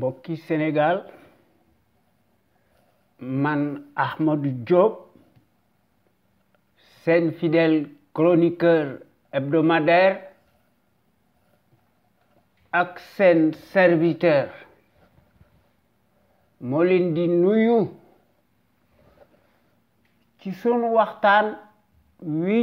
Boki Sénégal man Ahmad Job Sen Fidel chroniqueur hebdomadaire Accent serviteur Molindi leen Qui nuyu ci sunu waxtaan wi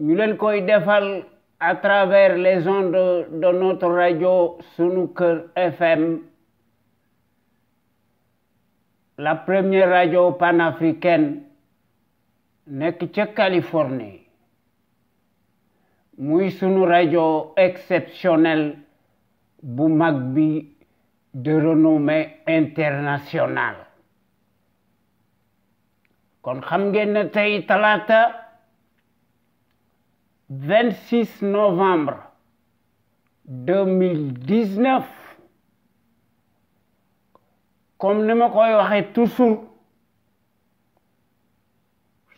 Nous leen koy à travers les ondes de notre radio Sunuker FM la première radio panafricaine nekk ca Californie sommes une radio exceptionnelle de renommée internationale 26 novembre 2019 comme ni ma koy waxee toujours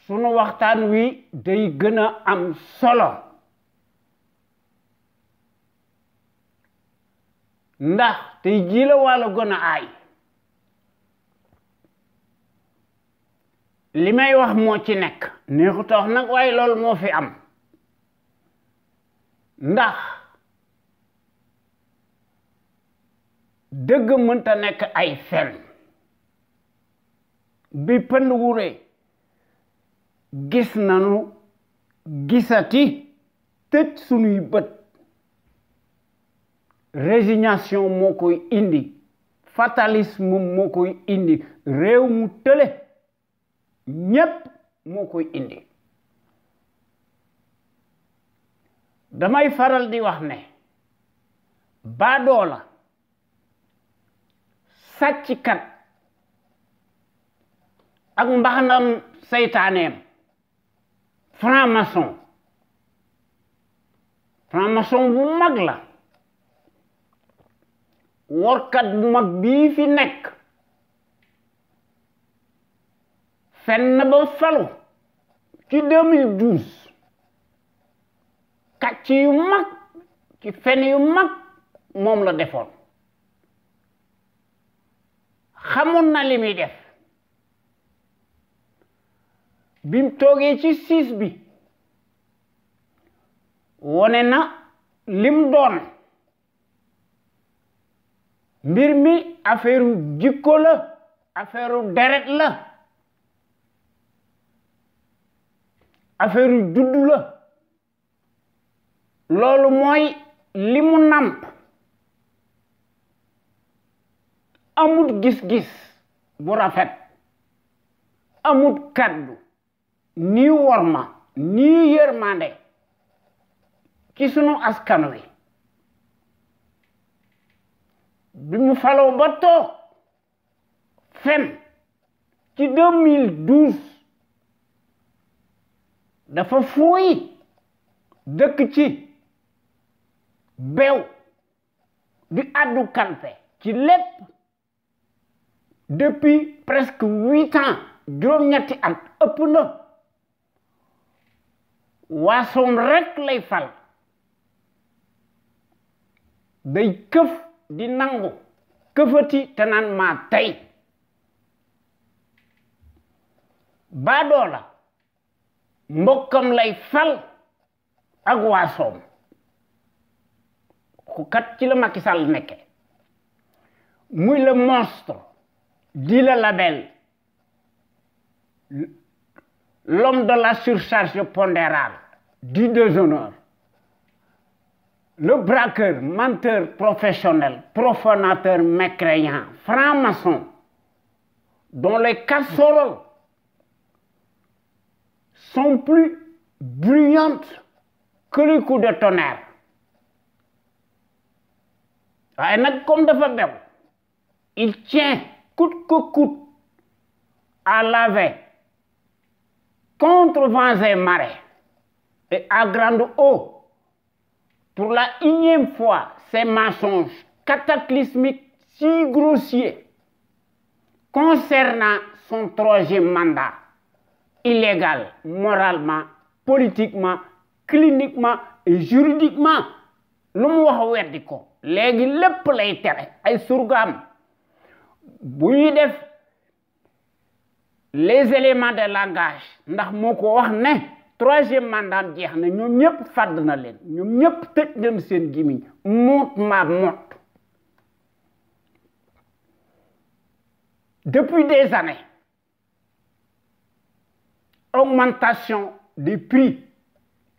sunu waxtaan wi day gën a am solo ndax tey jii la wàllu gën a aay li may wax moo ci nekk neexu tax nag waaye loolu moo fi am ndax dëgg mënta nekk ay fen bi pënd wure gis gisati tëj sunuy bët résignation moo koy indi fatalisme moo koy indi réew mu tële ñépp moo koy indi damay faral di wax ne baadoo la sàcckat ak mbaxanam seytaaneem franc-maçon franc-maçon bu mag la workat bu mag bii fi nekk fenn ba falu ci 2012 kàcc yu mag ci fen yu mag moom la defoon xamoon na li muy def bi toogee ci siis bi wone na lim doon mbir mi affaire jikko la affaire deret la affaire juddu la loolu moy limu namp amut gis-gis bu rafet amut kaddu ni worma ni yermande ci sunu askan wi bimu falo ba ci 2012 dafa dekk ci bew di addu kalpe ci lépp depuis presque huit ans juróom-ñetti at ëpp na waasoon rek lay fal day këf di nangu këfati te maa tey baadoola mbokkam lay fal ak waasom ku ci le monstre dit le label l'homme de la surcharge pondérale du déshonneur le braqueur menteur professionnel profanateur mécréant franc-maçon dont les casseroles sont plus bruyantes que le coup de tonnerre comme il tient coûte que coûte à laver contre vents marais et à grande eau pour la énième fois ces mensonges cataclysmiques si grossiers concernant son troisième mandat illégal moralement politiquement cliniquement et juridiquement Nous léegi lépp lay tere ay surgaam bu def les éléments de langage ndax moo ko wax ne troisième mandat jeex na ñoom ñëpp fàdd na leen ñoom ñëpp tëj nañ seen gémmiñ moot maa depuis des années augmentation des prix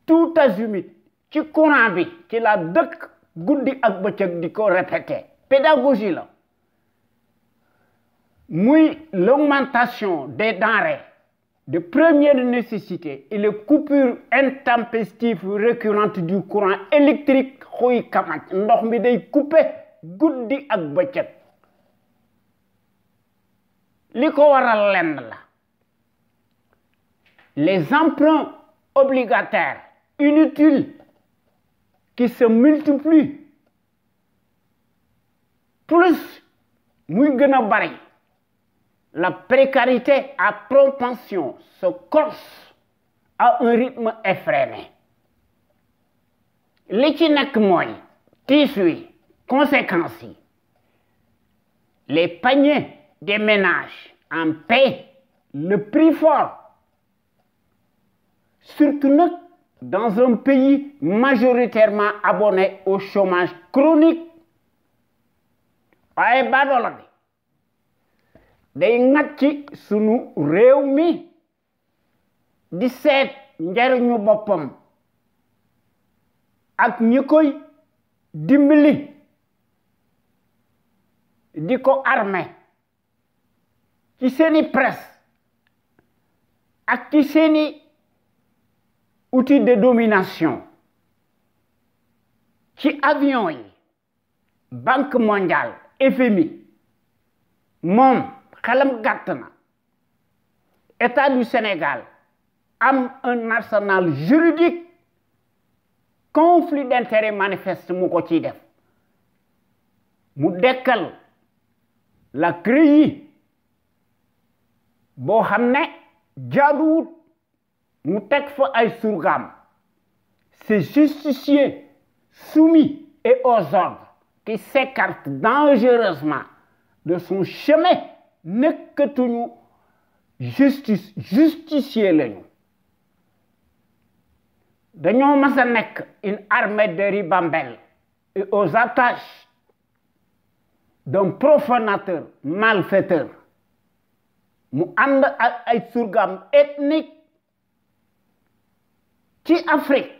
tout azimut ci courant bi ci la dëkk Goudi ak bëccëg diko répéter pédagogie la muy l'augmentation des denrées de première nécessité et les coupures intempestives récurrentes du courant électrique xooy kamaj ndox mi day couper goudi ak bëccëg li waral lenn la les emprunts obligataires inutiles se multiplient plus la précarité à propension se corse à un rythme effréné les ci tissu, les paniers des ménages en paix le prix fort surtout dans un pays majoritairement abonné au chômage chronique à baadoola bi day gens sunu réunis armé ci presse ak ci outils de domination qui avion banque mondiale FMI mon kalam Gatana, état du Sénégal am un arsenal juridique conflit d'intérêts manifeste mu ko la crise boo mu teg ces justiciers soumis et aux ordres qui s'écartent dangereusement de son chemin ne justice justicier lañu Nous une armée de ribambelles et aux attaches d'un profanateur malfaiteur Nous avons ethnique ci Afrique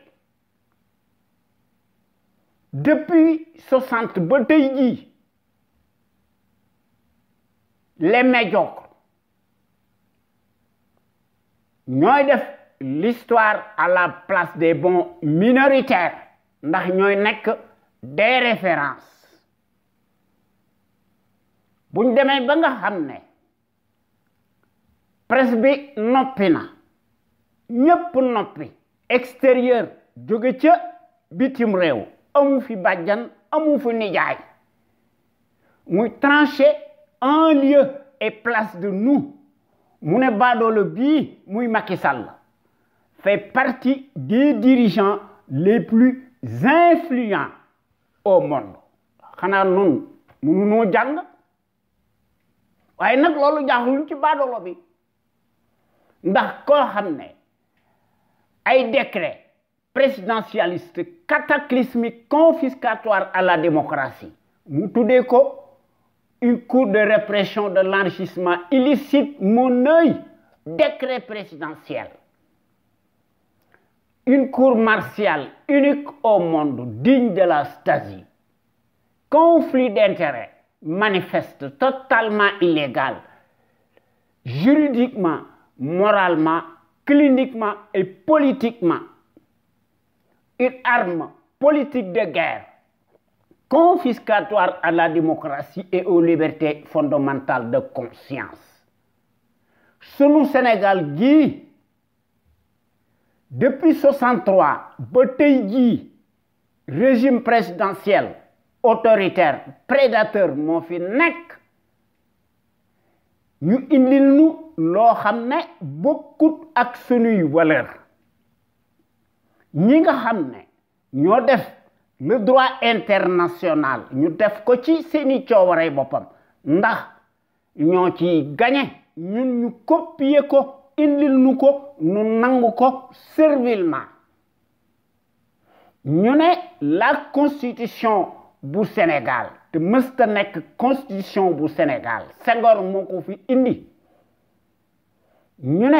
depuis 60 ba les médiocres nous def l'histoire à la place des bons minoritaires ndax ñoy nek des références buñ démé ba nga xamné ne presse bi na ñepp nopi extérieur de ca bitim rew amu fi badjan amu fu nijaay muy trancher en lieu et place de nous mu ne baadoolo bii muy Macky Sall fait partie des dirigeants les plus influents au monde xanaa nun munu noo jàng waaye nag loolu jaaxluñ ci baadoolo bi ndax koo D'accord, un décret présidentialiste cataclysmique confiscatoire à la démocratie Moutoudeko, une cour de répression de l'enrichissement illicite mon œil. décret présidentiel une cour martiale unique au monde digne de la Stasi. conflit d'intérêts manifeste totalement illégal juridiquement moralement cliniquement et politiquement une arme politique de guerre confiscatoire à la démocratie et aux libertés fondamentales de conscience. Selon Sénégal Guy, depuis 1963, ba régime présidentiel autoritaire prédateur mon fi nous. Nous avons beaucoup bokkut ak sunuy le droit international ñu def ko ci ndax ci ñun ñu copier ko indil ko nu la constitution du Sénégal te mësta constitution du Sénégal moo fi indi nous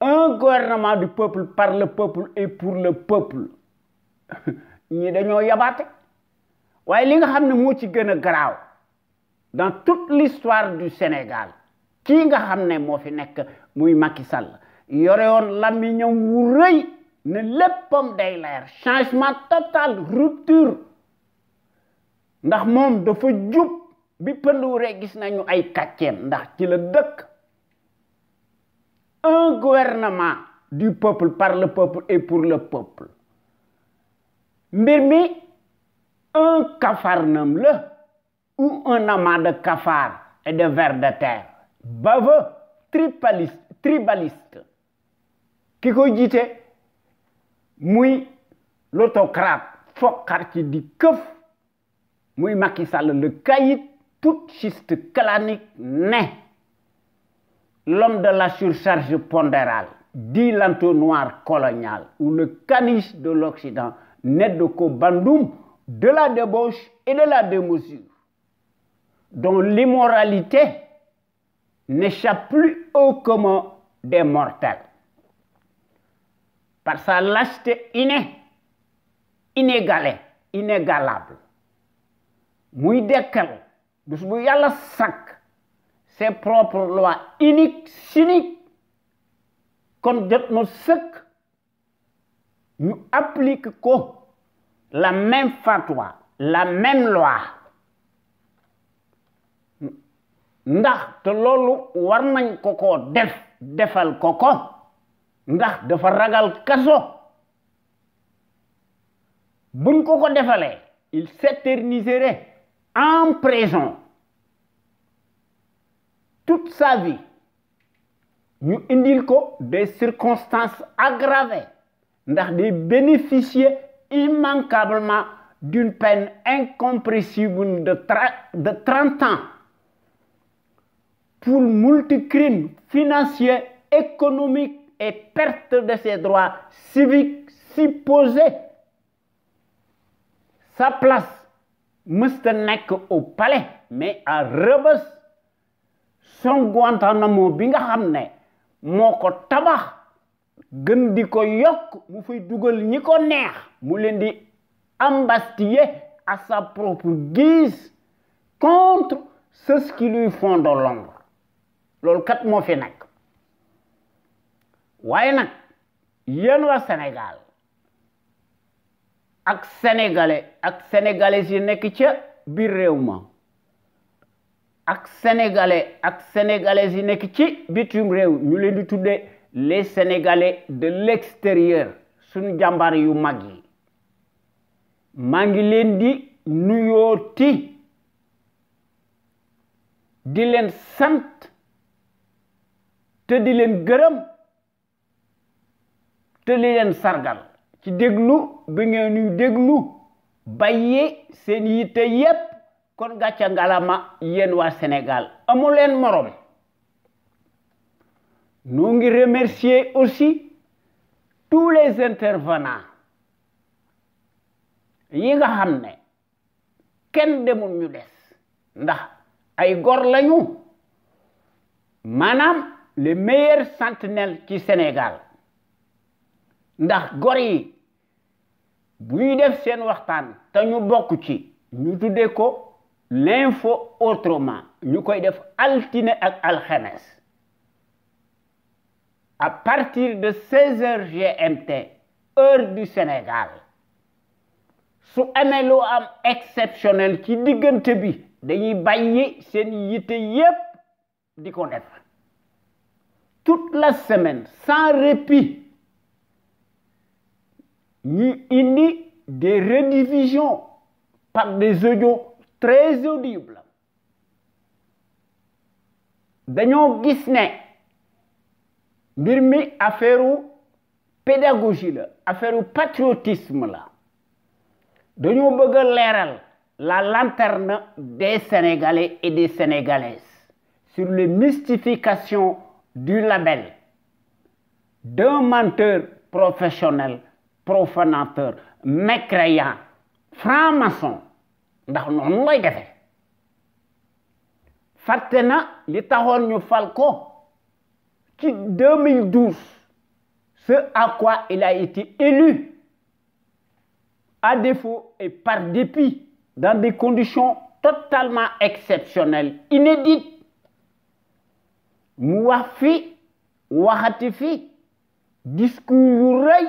un gouvernement du peuple par le peuple et pour le peuple ñi dañoo yabate. Mais li nga ci dans toute l'histoire du Sénégal qui nga xamné ne muy Macky Sall yore wu reuy ne leppam day changement total rupture ndax mom dafa bi re gis nañu ay ndax ci la un gouvernement du peuple, par le peuple et pour le peuple Mais un capharnaüm le ou un amas de cafards et de vers de terre baveux tribaliste qui ki ko l'autocrate fokkat ci di moi, Macky Sall le caïd tout clanique l'homme de la surcharge pondérale, dit l'entonnoir colonial, ou le caniche de l'Occident, n'est de bandoum de la débauche et de la démesure, dont l'immoralité n'échappe plus au commun des mortels. Par sa lâcheté innée, inégalée, inégalable, Mouy y a cinq ses propres lois uniques cyniques comme jot nous sëkk nous applique la même fatwa la même loi ndax te loolu war nañ ko ko def defal ko ko ndax dafa ragal kaso buñ ko ko il s'éterniserait en prison toute sa vie nous indiquons des circonstances aggravées ndax de bénéficier immanquablement d'une peine incompréhensible de de ans pour multicrimes financiers économiques et perte de ses droits civiques supposés sa place Mr pas au palais mais à rebours. Son Guantanamo bi nga xam moko tabax gën di ko mu fay duggal ñi neex mu leen di à sa propre guise contre ce qui lui font dans l'ombre loolu kat mo fi nak waye nak yeen wa Sénégal ak sénégalais ak sénégalais yi nekk ci bir réew ma ak sénégalais ak sénégalais yi nekk ci bitim réew ñu leen di tuddee les sénégalais de l'extérieur suñu jàmbaar yu mag yi maa ngi leen di nu nuyooti di leen sant te di leen gërëm te di leen sargal ci déglu bi ngeen ñuy déglu bàyyi seen yitte yépp kon gatcha ngalama yéen wa Sénégal amul leen morom nous ngi remercier aussi tous les intervenants yi nga xam ken kenn demul ñu dess ndax ay gor lañu manam le meilleur sentinelle ci Sénégal ndax gor yi bu ñu def sen waxtaan te ñu bokku ci ñu tuddee ko l'info autrement nous koy def altine ak alxames à partir de 16 h GMT heure du Sénégal sous amee exceptionnel qui diggante bi dañuy bàyyi seen yitte yépp di ko toute la semaine sans répit ñu indi des redivisions par des oignons très audible dañoo gis ne mbir mi affaire pédagogie la affaire patriotisme la dañoo bëgg la lanterne des sénégalais et des sénégalaises sur les mystifications du label d'un menteur professionnel profanateur mécréant franc-maçon ndax noonu lay defe ça. na li taxoon ñu fal ko ci 2012 ce à quoi il a été élu à défaut et par dépit dans des conditions totalement exceptionnelles inédites mu wax fi waxati fi discours yu rëy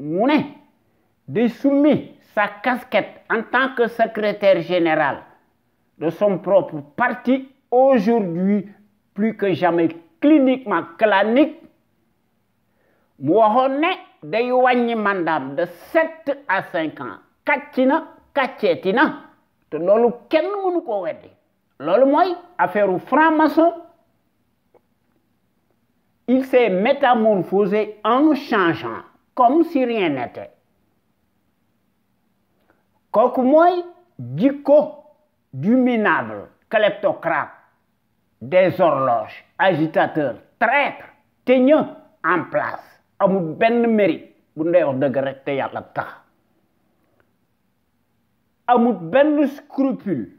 mu ne sa casquette en tant que secrétaire général de son propre parti, aujourd'hui plus que jamais cliniquement clanique, de 7 à 5 ans franc il s'est métamorphosé en changeant comme si rien n'était moi, du jikko du minable kleptocrate des horloges agitateur traître teigneux en place ben le mérite bu ndey wax dëgg rek te tax amul scrupule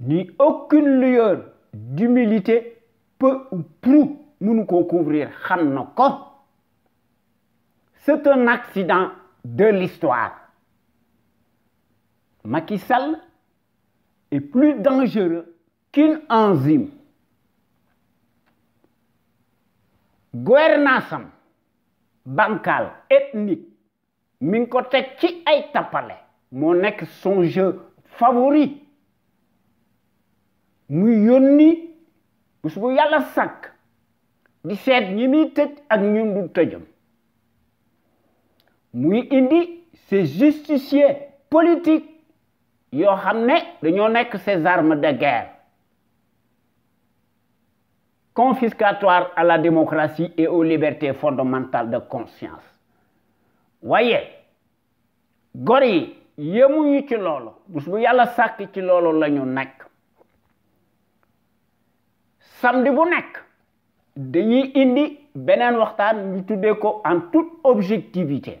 ni aucune lueur d'humilité peu ou prou nous ko couvrir c'est un accident de l'histoire Macky est plus dangereux qu'une enzyme. gouvernance bancale ethnique mi qui ko été ci ay ex favori muy Yoni, voyez la sac. sàkk di seet ñi nous ak indi c'est justicier politique yoo xam ne ces armes de guerre confiscatoires à la démocratie et aux libertés fondamentales de conscience Voyez, gor yi yemuñu ci loolu bu yàlla sàkk ci loolu la nekk samedi bu nekk dañuy indi waxtaan en toute objectivité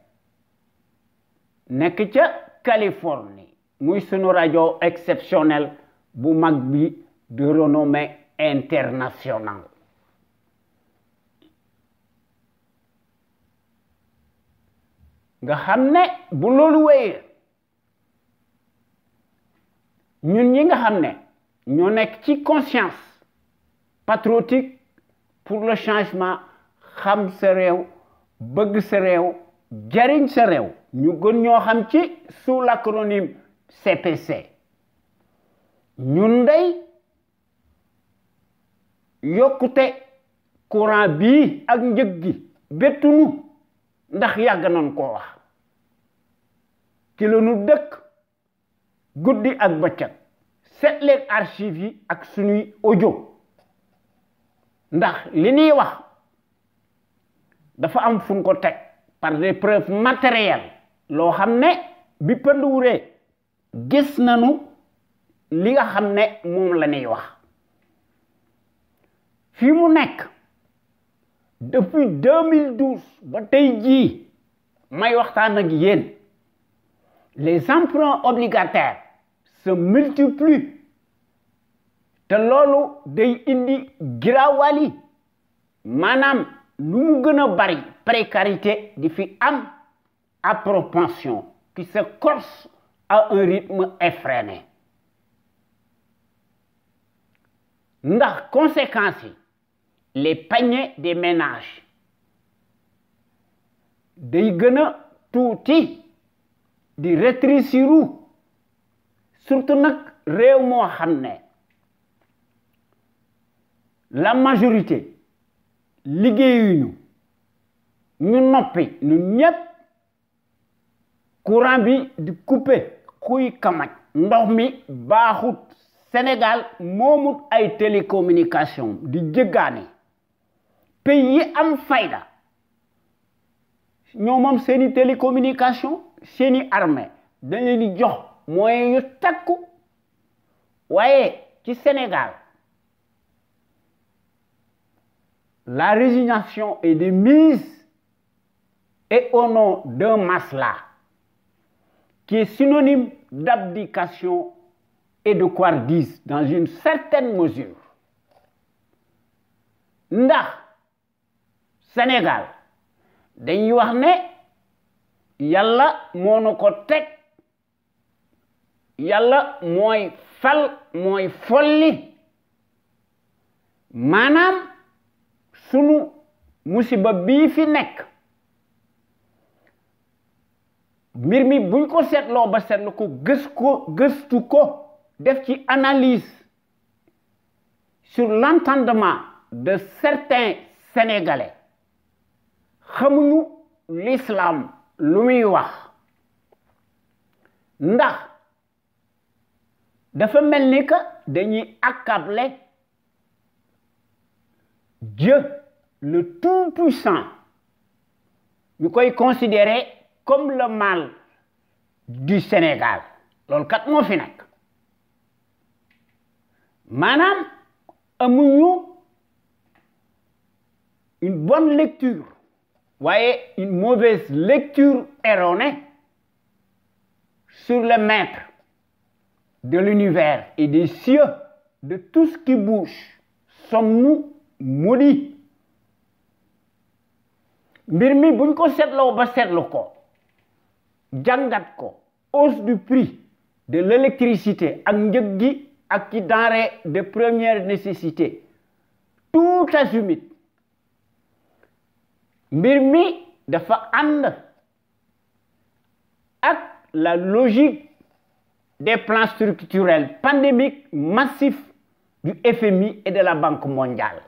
nek ci Californie muy sunu radio exceptionnel bu mag bi de renommée internationale nga xam bu lolou wéyee ñun ñi nga xam ne nek ci conscience patriotique pour le changement xam sa rew bëgg sa rew jariñ sa réew ñu gën ñoo xam ci sous l'acronyme CPC ñu day yokkute courant bii ak njëg gi bettunu ndax yàgg nañ koo wax ci la dëkk guddi ak bëccëg seet leen ak suñuy ojo ndax li ñuy wax dafa am fu ñu par des preuves matérielles Lo xamné ne bi pënduwuree gis nañu li nga xamné ne moom la ñuy wax fi mu nek depuis 2012 ba tay ji may waxtaan ak yeen les emprunts obligataires se multiplient te loolu day indi giraawali maanaam nous avons une précarité di fi am à propension qui se corse à un rythme effréné ndax conséquences les paniers des ménages deviennent gën a rétrécir surtout nag réew la majorité nous ñu noppi ñun ñëpp courant bi di coupé kuy kamaj ndox mi baaxut Sénégal moomut ay télécommunication di pays yi am fayda ñoo télécommunication seeni armée dañ di jox moyen yu takku waaye ci Sénégal la résignation est de mise et au nom d'un masla qui est synonyme d'abdication et de quardise dans une certaine mesure. Nda, Sénégal dañuy wax ne yàlla moo fal mooy folli Manam, sunu musiba bi fi nek mbir mi buñ ko seetloo ba seetlu ko gës ko gëstu ko def ci analyse sur l'entendement de certains sénégalais xamuñu l'islam lu muy wax ndax dafa mel ni que dañuy accabler Dieu le Tout-Puissant vous est considéré comme le mal du Sénégal dans kat madame fi Madame, une bonne lecture voyez, une mauvaise lecture erronée sur le maître de l'univers et des cieux de tout ce qui bouge sommes-nous maudits mbir mi buñ ko setlo ba setlo ko jangat ko hausse du prix de l'électricité ak njëg gi ak ci de première nécessité tout azimut mbir mi dafa and ak la logique des plans structurels pandémiques massifs du FMI et de la Banque mondiale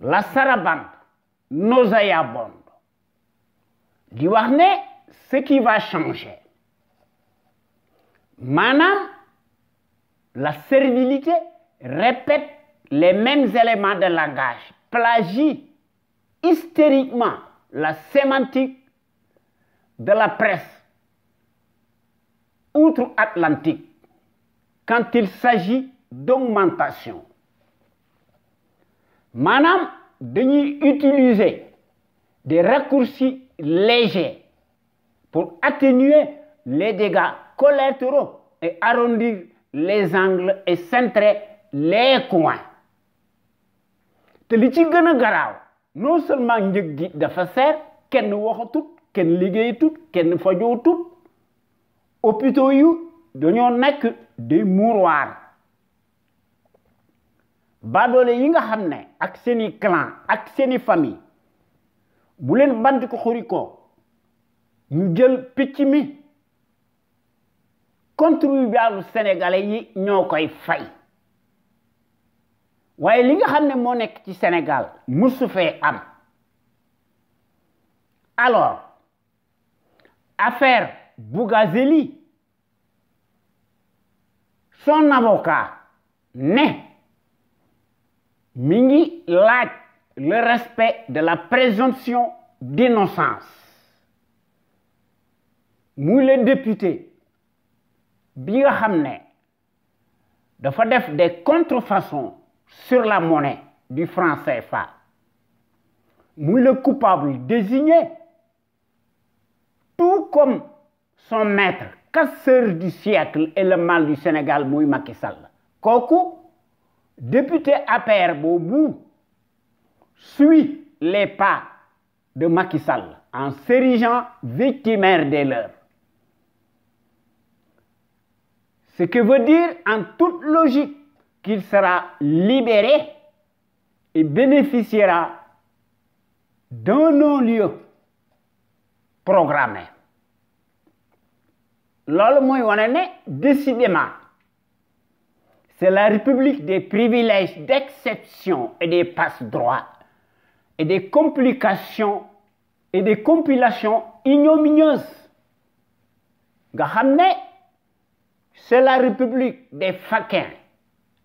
la sarabande nos di ce qui va changer Manam, la servilité répète les mêmes éléments de langage plagie hystériquement la sémantique de la presse outre-Atlantique quand il s'agit d'augmentation. Manam dañuy utiliser des raccourcis légers pour atténuer les dégâts collatéraux et arrondir les angles et centrer les coins te li ci gëna a non seulement njëg gi dafa seer kenn waxatut kenn liggéeyatut kenn au hôpitaux yu dañoo nekk des mouroirs baadoole yi nga xamné ak seni clan ak seni famille bu len bandi ko xuri ko ñu jël picc mi contribuable sénégalais yi ñokoy koy fay waye li nga xamné mo ci Sénégal musu am alors affaire Bougazeli son avocat ne Mingi le respect de la présomption d'innocence muy le député bi nga xam des contrefaçons sur la monnaie du franc CFA muy le coupable désigné tout comme son maître casseur du siècle et le mal du Sénégal muy Macky Sall député Aper Bobou suit les pas de Macky Sall en s'érigeant victimaire des leurs. Ce que veut dire en toute logique qu'il sera libéré et bénéficiera d'un non-lieu programmé. Là, le décidément c'est la république des privilèges d'exception et des passe-droits et des complications et des compilations ignominieuses. c'est la république des faquins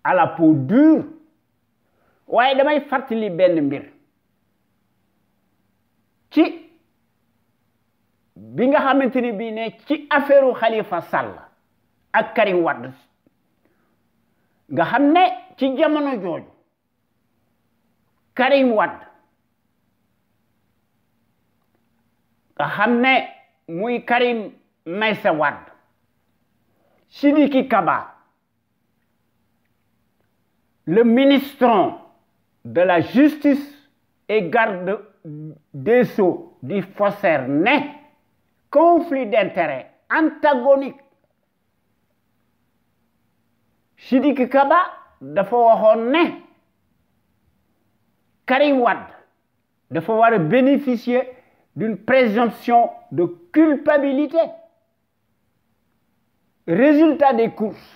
à la peau dure. waaye damay fàttali ben mbir ci bi nga xamante ni bii ne ci affaireu Khalifa Sall ak Karim Wade nga Karim Wad. nga Karim Kaba le ministre de la justice et garde des Sceaux du Fosser né conflit d'intérêts antagonique Sidiki Kaba dafa waxone ne Karim wad dafa wara bénéficier d'une présomption de culpabilité résultat des courses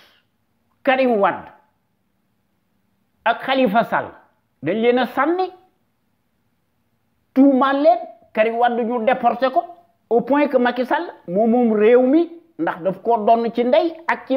Karim wad ak Khalifa Sall dañ leena sanni tout mal leen Karim wad ñu déporté ko au point que Macky Sall mom moom réew mi ndax daf ko doon ci ndey ak ci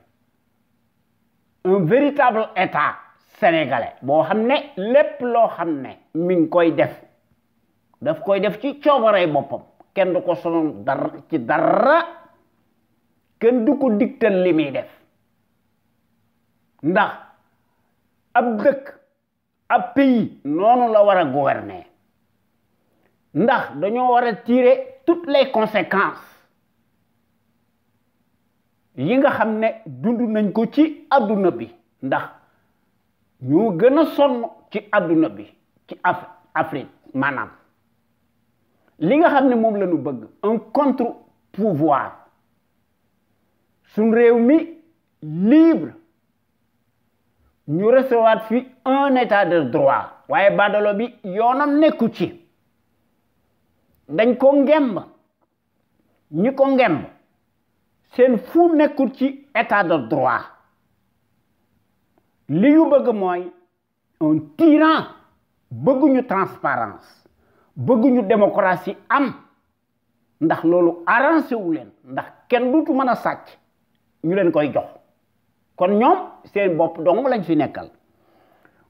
un véritable état sénégalais Bo xamné lepp lo xamné mi ngi koy def daf koy def ci bopam du ko sonon du ko def ndax ab pays gouverner ndax wara tirer toutes les conséquences li nga xam ne dund nañ ko ci adduna bi ndax ñoo gën a sonn ci adduna bi ci af Afrique maanaam li nga xam ne moom la bëgg un contre pouvoir suñ réew mi libre ñu recevoir fi un état de droit waaye badalo bi yoonam nekku ci dañ ko ngemb ñi ko ngemb seen fu nekkul ci état de droit li ñu bëgg mooy un tyran bëgguñu transparence bëgguñu démocratie am ndax loolu arrangé wu leen ndax kenn dutu mën a sàcc ñu leen koy jox kon ñoom seen bopp dong lañ fi nekkal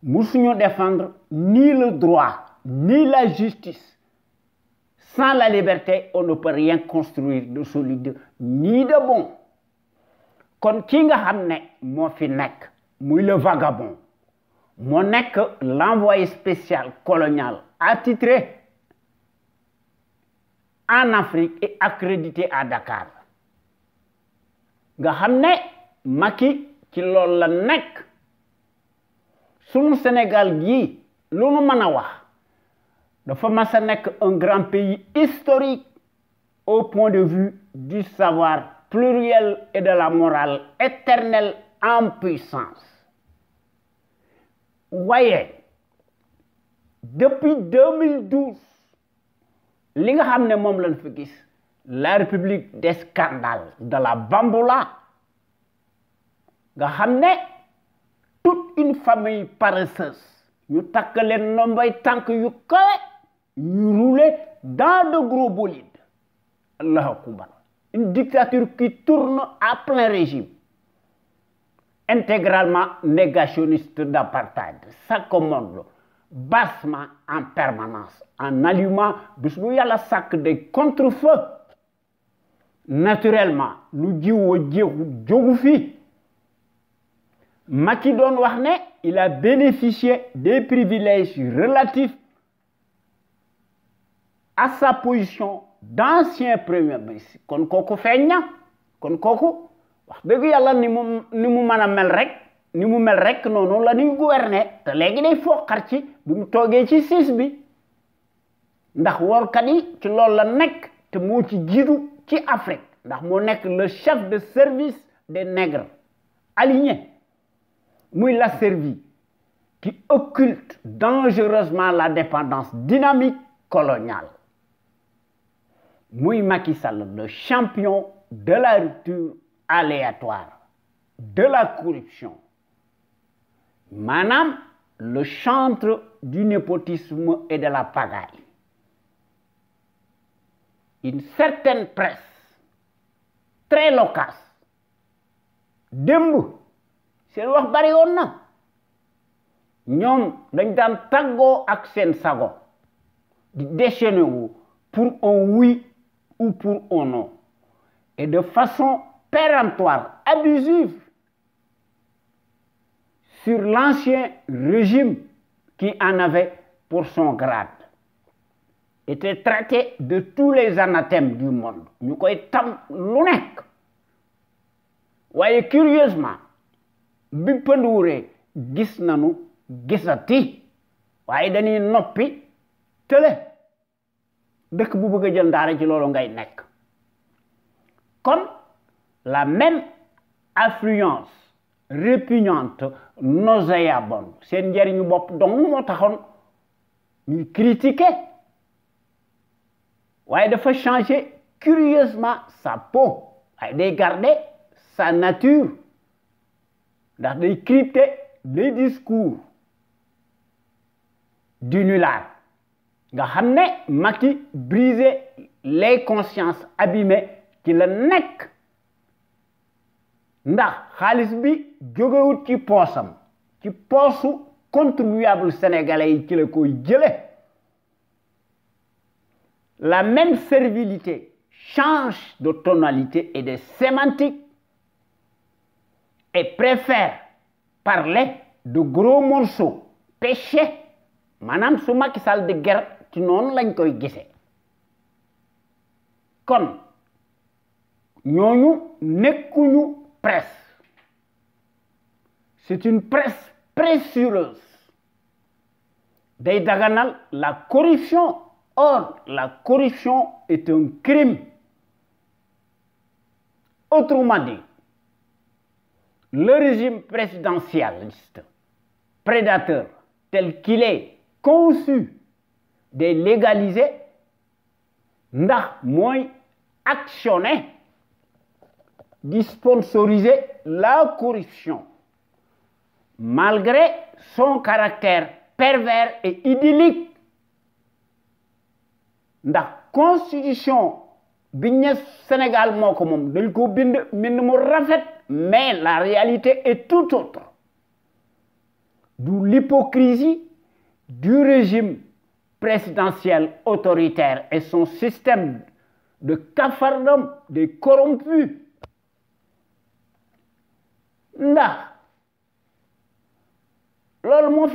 musuñu défendre ni le droit ni la justice sans la liberté, on ne peut rien construire de solide ni de bon. kon ki nga le vagabond l'envoyé spécial colonial attitré en Afrique et accrédité à Dakar nga xamne qui ci sunu Sénégal gi lu manawa. Le Formation n'est qu'un un grand pays historique au point de vue du savoir pluriel et de la morale éternelle en puissance Voyez, depuis 2012 la république des scandales de la bamboula a ramené toute une famille paresseuse essence. takk nombay que roulé dans de gros bolides. Allah Akbar. Une dictature qui tourne à plein régime. Intégralement négationniste d'apartheid. Ça commande bassement en permanence. En allumant, il y a la sac des contre-feux. Naturellement, nous disons fi. Macedon Warné, il a bénéficié des privilèges relatifs à sa position d'ancien premier ministre kon kooku Konko, kon kooku wax dëgg yàlla ni mu ni mu mel rek ni mu mel rek noonu la ni gouverner te léegi day foqar ci bi mu toogee ci siis bi ndax wor kadi, ci loolu la nek, te moo ci jiitu ci Afrique ndax moo nek le chef de service des nègres aligné muy la servi qui occulte dangereusement la dépendance dynamique coloniale Moui Macky le champion de la rupture aléatoire de la corruption Manam, le chantre du népotisme et de la pagaille une certaine presse très loquace Dembu, c'est le bari woon a dañ tango ak sago pour un oui ou pour un nom, et de façon péremptoire, abusive, sur l'ancien régime qui en avait pour son grade, était traité de tous les anathèmes du monde. Nous tam lu Voyez curieusement bi gis gisati voyez dëkk bu bëgg a jël ndaare ci loolu ngay nekk kon la même affluence répugnante nauséabonde seen njëriñu bopp dong moo taxoon ñu critiquer waaye dafa changer curieusement sa peau waaye day garder sa nature ndax day crypter les discours d'une nulard nga xam qui brisé les consciences abîmées qui la nek. ndax xaalis bi jógewut ci poosam ci poosu contribuable sénégalais qui le la la même servilité change de tonalité et de sémantique et préfère parler de gros morceaux péché suis pas Macky Sall de guerre presse c'est une presse pressureuse la corruption or la corruption est un crime autrement dit le régime présidentialiste prédateur tel qu'il est conçu de légaliser ndax actionné actionner sponsoriser la corruption malgré son caractère pervers et idyllique la constitution du Sénégal moko mais la réalité est tout autre d'où l'hypocrisie du régime présidentielle autoritaire et son système de cafardum des corrompus. Nda. Lolo moo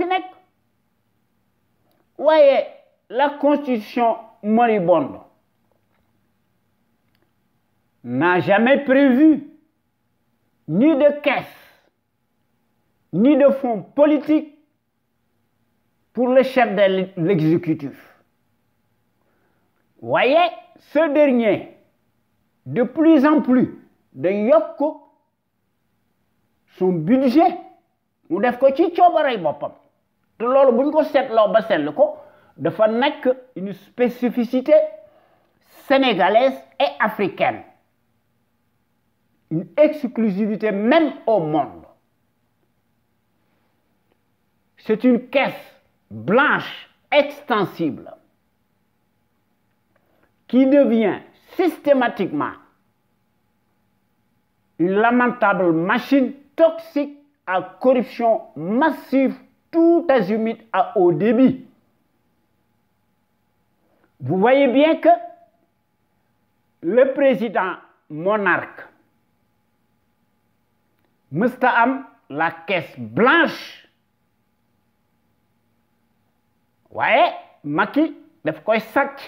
la constitution moribonde n'a jamais prévu ni de caisse, ni de fonds politiques pour le chef de l'exécutif. Voyez, ce dernier, de plus en plus, de yoko, son budget def ko ci te lolu buñ ko ba ko dafa une spécificité sénégalaise et africaine une exclusivité même au monde c'est une caisse blanche extensible qui devient systématiquement une lamentable machine toxique à corruption massive tout azimut à haut débit. Vous voyez bien que le président monarque Mustaham, la caisse blanche a Macky daf koy sàcc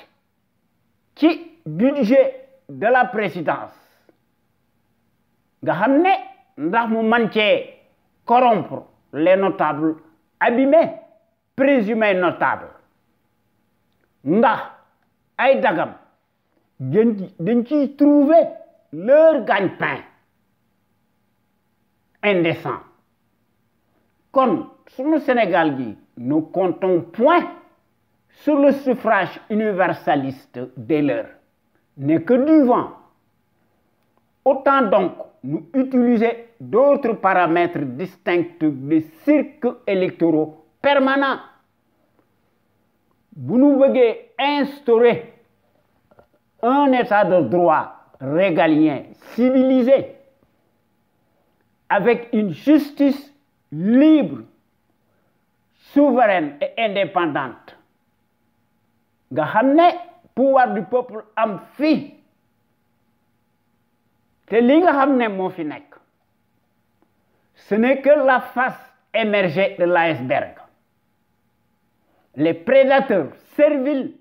ci budget de la présidence nga xamné ndax mu corrompre les notables abîmés présumés notables ndax ay dagam gën dañ trouver leur gagne-pain indécent Comme le Sénégal nous comptons point sur le suffrage universaliste dès l'heure n'est que du vent. Autant donc nous utiliser d'autres paramètres distincts des cirques électoraux permanents. Vous nous voulez instaurer un état de droit régalien civilisé avec une justice libre, souveraine et indépendante nga pouvoir du peuple am fii ce n'est que la face émergée de l'iceberg les prédateurs serviles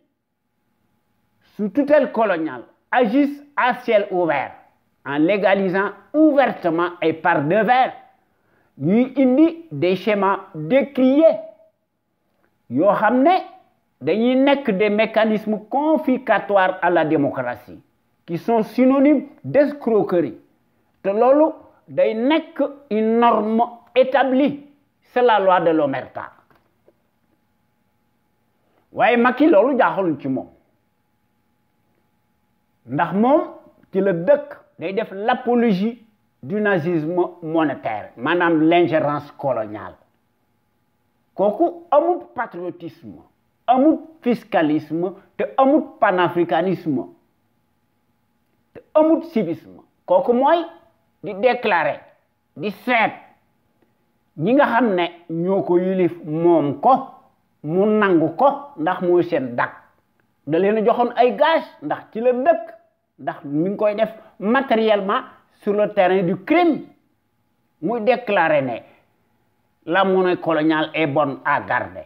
sous tutelle coloniale agissent à ciel ouvert en légalisant ouvertement et par devers ñuy indi des schémas décriés yoo dañuy nekk des mécanismes confiscatoires à la démocratie qui sont synonymes d'escroquerie Ce loolu day une norme établie c'est la loi de l'omerta waaye Macky loolu ci moom ndax moom ci le dëkk day def l'apologie du nazisme monétaire maanaam l'ingérence coloniale kooku amul patriotisme amut fiskalisme, te amut panafrikanisme, te amut civisme Koko mooy di deklare, di set, ñi nga xam ne ñoo ko yilif ko mu nangu ko ndax mooy seen dak da leen a joxoon ay gage ndax ci la dëkk ndax mi ngi koy def matériellement sur le terrain du crime muy déclarer ne la monnaie coloniale est bonne à garder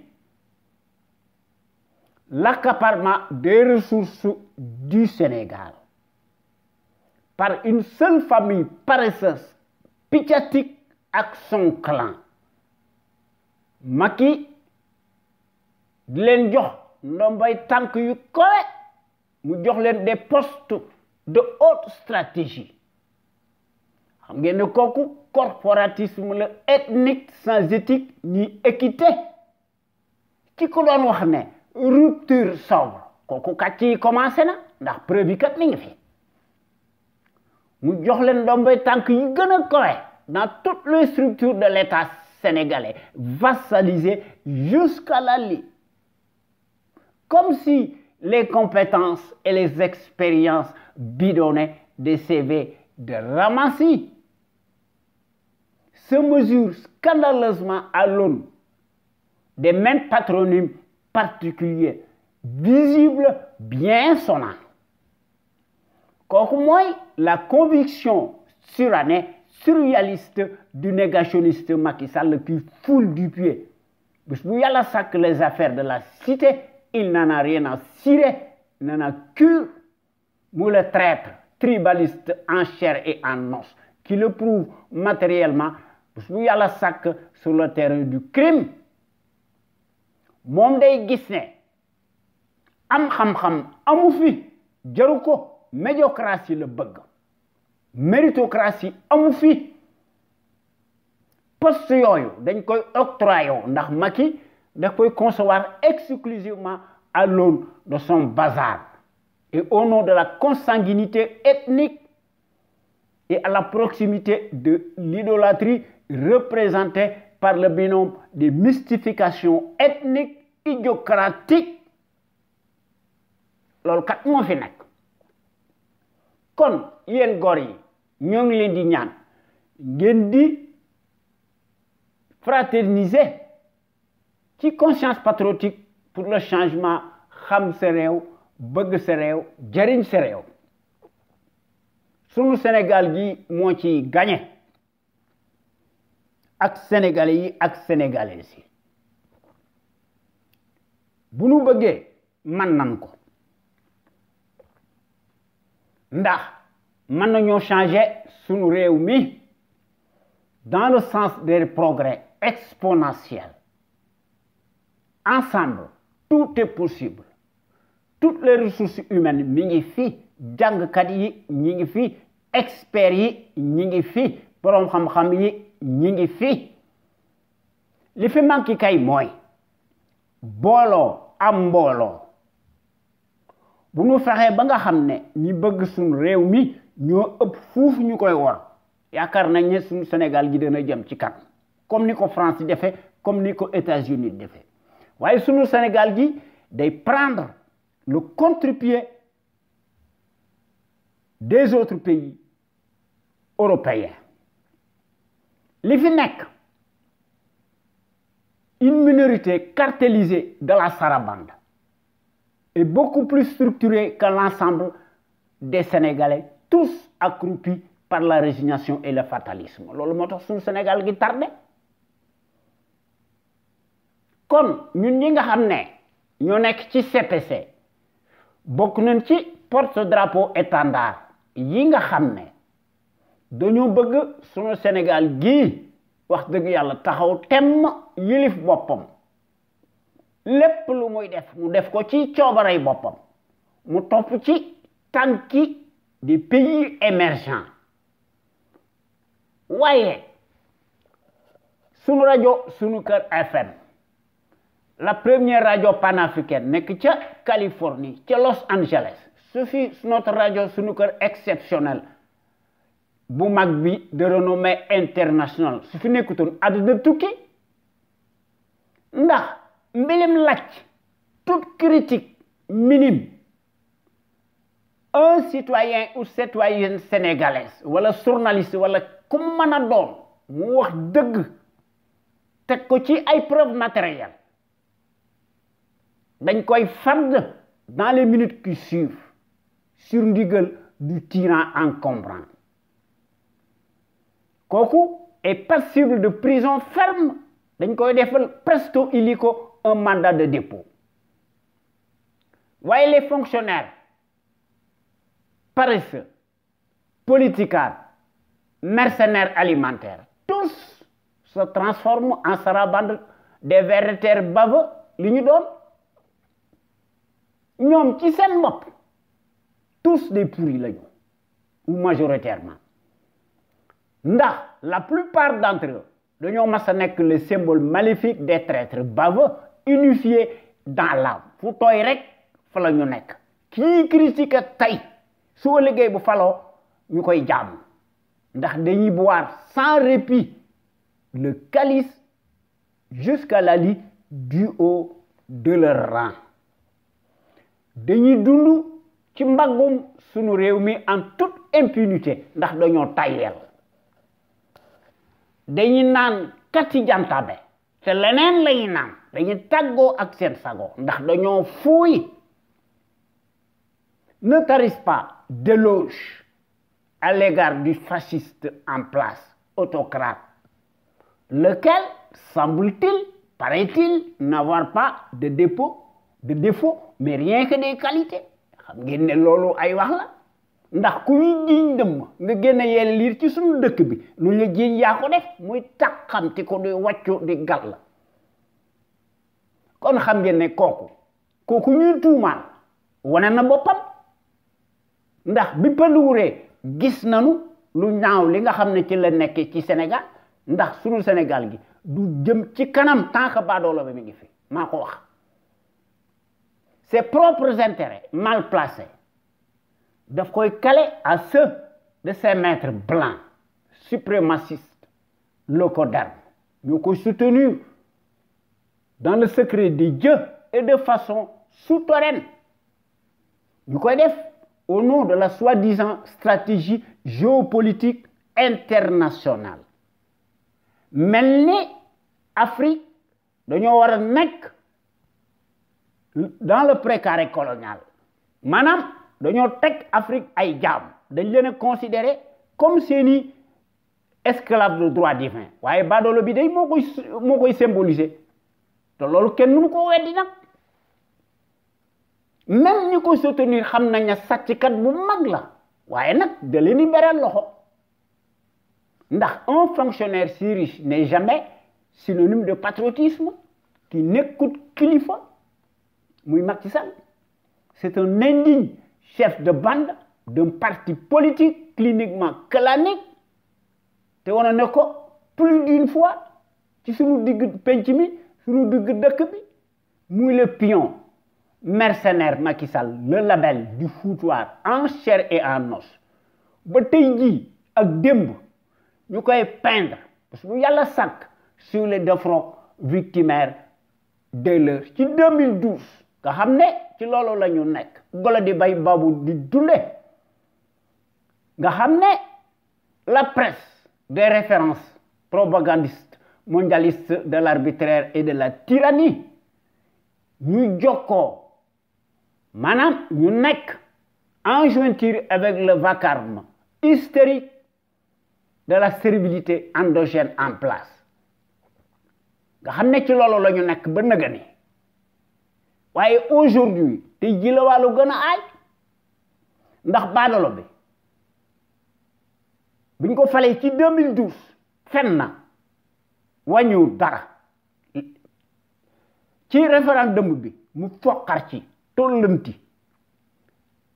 l'accaparement des ressources du Sénégal par une seule famille paresseuse, pitiatique avec son clan Maki, di leen jox ndombay tànk yu kowe mu jox des postes de haute stratégie xam ngeen ne corporatisme ethnique sans éthique ni équité qui ko wax rupture sombre Quand on yi commencé na ndax preuve kat mi ngi fi mu jox leen a dans toutes les structures de l'État sénégalais vassalisé jusqu'à la lie comme si les compétences et les expériences bidonnées des CV de Ramassi se mesurent scandaleusement à l'aune des mêmes patronymes particulier visible bien sonnant Quand moi la conviction surannée surréaliste du négationniste Macky Sall qui foule du pied a la ça que les affaires de la cité il n'en a rien à cirer il n'en a que. le traître tribaliste en chair et en os qui le prouve matériellement bés bu sac sur le terrain du crime Monde day gis ne am xam-xam médiocratie le bëgg méritocratie amu fi poste dañ koy ndax concevoir exclusivement à l'aune de son bazar et au nom de la consanguinité ethnique et à la proximité de l'idolâtrie représentée par le binôme de mystification ethnique idiocratique Lol kat mo fi nek. kon yeen gor yi ñoo ngi leen di fraterniser conscience patriotique pour le changement xam sa réew bëgg sa réew Si sa réew sunu Sénégal gi gagné ak sénégalais yi ak sénégalais yi bu nu bëggé man nan changer dans le sens des progrès exponentiels ensemble tout est possible toutes les ressources humaines mi ngi fi experts ñu ngi fi li fi manqué kay mooy booloo am mbooloo bu ñu fexee ba nga xam ne ñi bëgg suñu réew mi ñoo ëpp fuuf ñu koy war yaakaar nañ ne suñu Sénégal gi dana jëm ci kanam comme ni ko France defee comme ni ko États-Unis defee waaye suñu Sénégal gi day prendre le contre-pied des autres pays européens les une minorité cartélisée de la sarabande est beaucoup plus structurée que l'ensemble des Sénégalais, tous accroupis par la résignation et le fatalisme. Le mot tax suñu Sénégal tardé kon nous ñi ne CPC porte drapeau étendard Nous nga dañu bëgg sunu Sénégal gi wax dëgg yàlla taxaw temm yilif boppam lépp lu muy def mu def ko ci coobaray boppam mu topp ci tanki di pays émergents waaye sunu rajo sunu kër FM la première radio panafricaine nekk ca Californie ca Los Angeles su fi notre rajo sunu kër exceptionnel bu mag bi de renommée internationale su fi nekkutoon àdduna tukki ndax mbilim là. toute critique minime un citoyen ou citoyenne sénégalaise wala journaliste wala ku mën a doon mu wax dëgg teg ko ci ay preuves matérielles dañ koy fadd dans les minutes qui suivent sur gueule du tyran encombrant Koko est passible de prison ferme dañ koy defal presto un mandat de dépôt Voyez les fonctionnaires paresseux politiques, mercenaires alimentaires tous se transforment en sarabande des véritables baveux li ñu doon ci tous des pourris ou majoritairement ndax la plupart d'entre eux dañoo mas le symbole maléfique des traîtres baveux unifiés dans l'âme Faut que rek fa la ñu nekk kii critique tey soo liggéey bu faloo nous jam. jaamu ndax ils boire sans répit le calice jusqu'à la lit du haut de leur rang Ils dund ci mbaggum en toute impunité ndax sont tayel dañuy naan kati jantaabe te leneen lañuy naan dañuy tàggoo ak seen sago ndax dañoo fuuy ne tarisse pas d'éloge à l'égard du fasciste en place autocrate lequel semble-t-il paraît-il n'avoir pas de dépôt de défaut mais rien que des qualités xam ngeen ne loolu ay wax la ndax ku ñu jiiñ dëmm nga génne yeen liir ci suñu dëkk bi lu ñu la yaa ko def muy tàqamti ko di wàccu di gal la kon xam ngeen ne kooku kooku ñuy tuumaal wane na boppam ndax bi pëluuree gis nanu lu ñaaw li nga xam ne ci la nekk ci Sénégal ndax suñu Sénégal gi du jëm ci kanam tànk baadoola ba mi ngi fi maa ko wax ses propres intérêts mal placés de caler à ceux de ces maîtres blancs suprémacistes locaux d'armes Nous soutenus soutenu dans le secret de Dieu et de façon souterraine Nous avons def au nom de la soi-disant stratégie géopolitique internationale Mais l'Afrique Afrique dans le précaré colonial Madame dañoo teg Afrique ay considéré comme une esclave de droit divin waaye est bi symboliser même ñi ko soutenir xam nañ ne bu mag la waaye nag un fonctionnaire si riche n'est jamais synonyme de patriotisme qui n'écoute kilifa muy c'est un indigne chef de bande d'un parti politique cliniquement clanique te wona ne ko plus d'une fois ci sunu digg penc mi sunu digg dekk bi muy le pion mercenaire Macky Sall le label du foutoir en chair et en os ba tay ji ak demb ñu peindre parce que yàlla sàkk sur les deux fronts victimaires de l'heure ci 2012 nga xam ci lolo la nek Goladi bay Babu, di dunde nga xamné la presse des références propagandistes mondialistes de l'arbitraire et de la tyrannie ñu joko manam ñu nek en avec le vacarme hystérique de la stérilité endogène en place nga xamné ci lolo la nek ba mais aujourd'hui te walu a ay ndax bi buñ ko falé ci 2012 fen na dara ci référendum bi mu foqar ci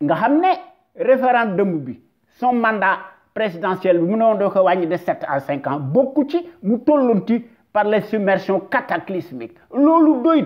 nga xamné référendum bi son mandat présidentiel bi y a de 7 à 5 ans bokku ci mu tollanti par les submersions cataclysmiques lolu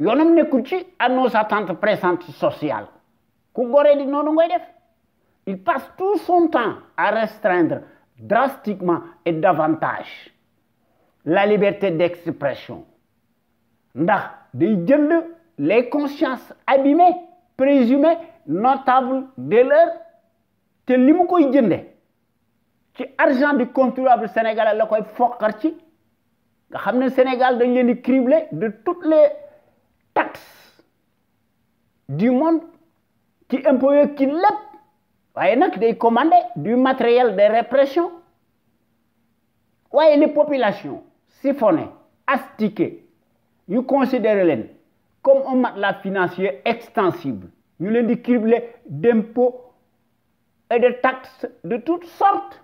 yoonam nekul ci à nos attentes présentes sociales ku goré di ngoy def il passe tout son temps à restreindre drastiquement et davantage la liberté d'expression ndax day jënd les consciences abîmées présumées notables de l'heure te li koy jëndé ci argent du contribuable sénégalais la koy foqar ci nga xamné Sénégal dañ leen di de toutes les taxes du monde qui employé qui lépp du matériel de répression les populations siphonnées astiquées vous considérons comme un matelas financier extensible Vous les décrivons d'impôts et de taxes de toutes sortes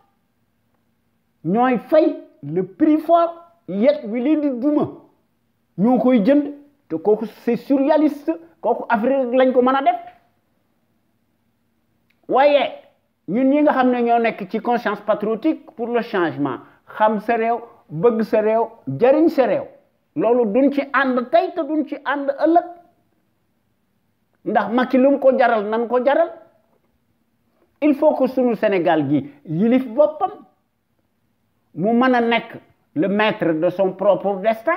avons fait le prix fort yet wi a des gens te c'est surréaliste c'est Afrique lañ ko def ñun ñi nga conscience patriotique pour le changement xam sa réew bëgg sa réew sa réew loolu duñ ci te duñ ci ndax lu ko jaral ko jaral il faut que sunu Sénégal gi yilif mu le maître de son propre destin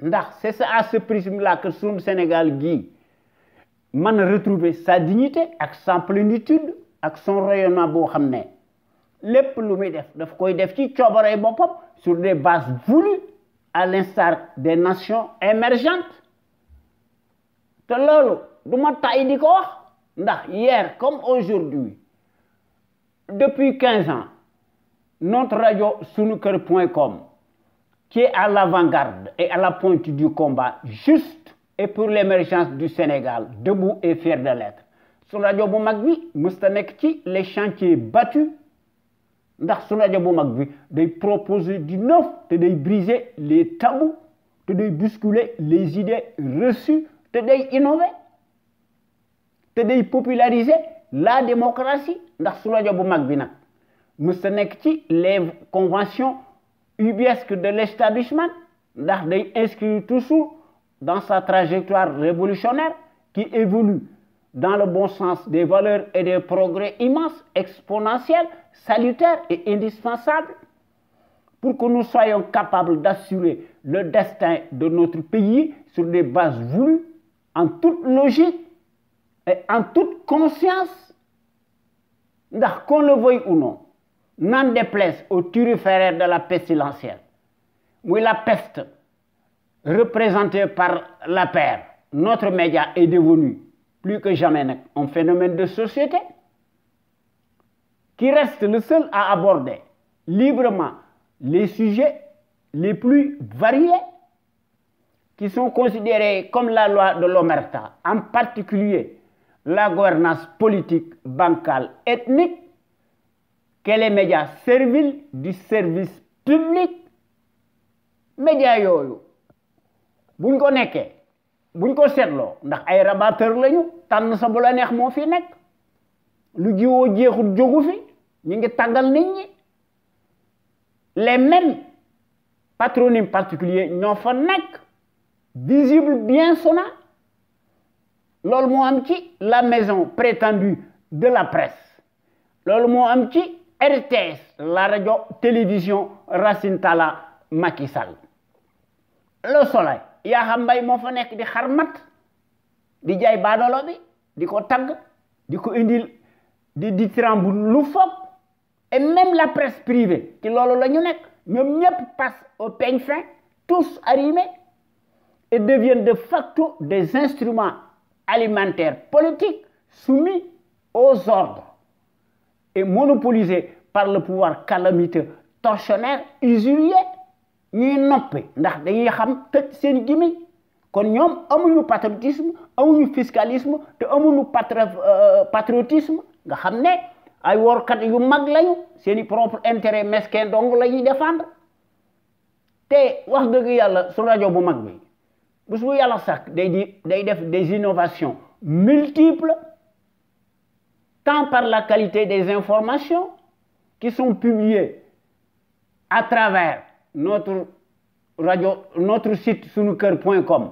ndax c'est ça à ce prisme-là que le Sénégal gii mën a retrouver sa dignité ak sa plénitude ak son rayonnement boo xam ne lépp lu muy def daf koy def sur des bases voulues à l'instar des nations émergentes te loolu du ma tay di wax hier comme aujourd'hui depuis 15 ans notre radio sunuker qui est à l'avant-garde et à la pointe du combat juste et pour l'émergence du Sénégal, debout et fier de l'être. Sur la bu mag bi les chantiers battus ndax la Diabo bu mag proposer du neuf de briser les tabous de bousculer les idées reçues de innover de populariser la démocratie ndax sur la bu mag bi les conventions que de l'establishment ndax tout tout toujours dans sa trajectoire révolutionnaire qui évolue dans le bon sens des valeurs et des progrès immenses, exponentiels, salutaires et indispensables pour que nous soyons capables d'assurer le destin de notre pays sur des bases voulues, en toute logique et en toute conscience, qu'on le veuille ou non n'en déplaise au turiféraires de la pestilentielle, où la peste, représentée par la paire, notre média est devenu plus que jamais un phénomène de société qui reste le seul à aborder librement les sujets les plus variés qui sont considérés comme la loi de l'Omerta, en particulier la gouvernance politique, bancale, ethnique, que les médias servile du service public médias buñ ko dans buñ ko ndax ay rabatteur lañu sa la fi lu les mêmes patronymes particuliers ñoo visible bien sonna lool mo la maison prétendue de la presse lool mo RTS la radio télévision Racine tala Macky Sall Le Soleil il y a fa peu de xarmat di jaay de di ko tagg di et même la presse privée qui est la ñu ne même passe au peigne fin tous arrimés et deviennent de facto des instruments alimentaires politiques soumis aux ordres et monopolisé par le pouvoir calamiteux tortionnaire usurier n'ont pas, ndax dañuy xam tëj seen gimi kon pas amuñu patriotisme amuñu fiscalisme te amuñu euh, patriotisme nga propre intérêt mesquin donc la défendre wax Ils bu mag bi bu des innovations multiples tant par la qualité des informations qui sont publiées à travers notre, radio, notre site sunuker.com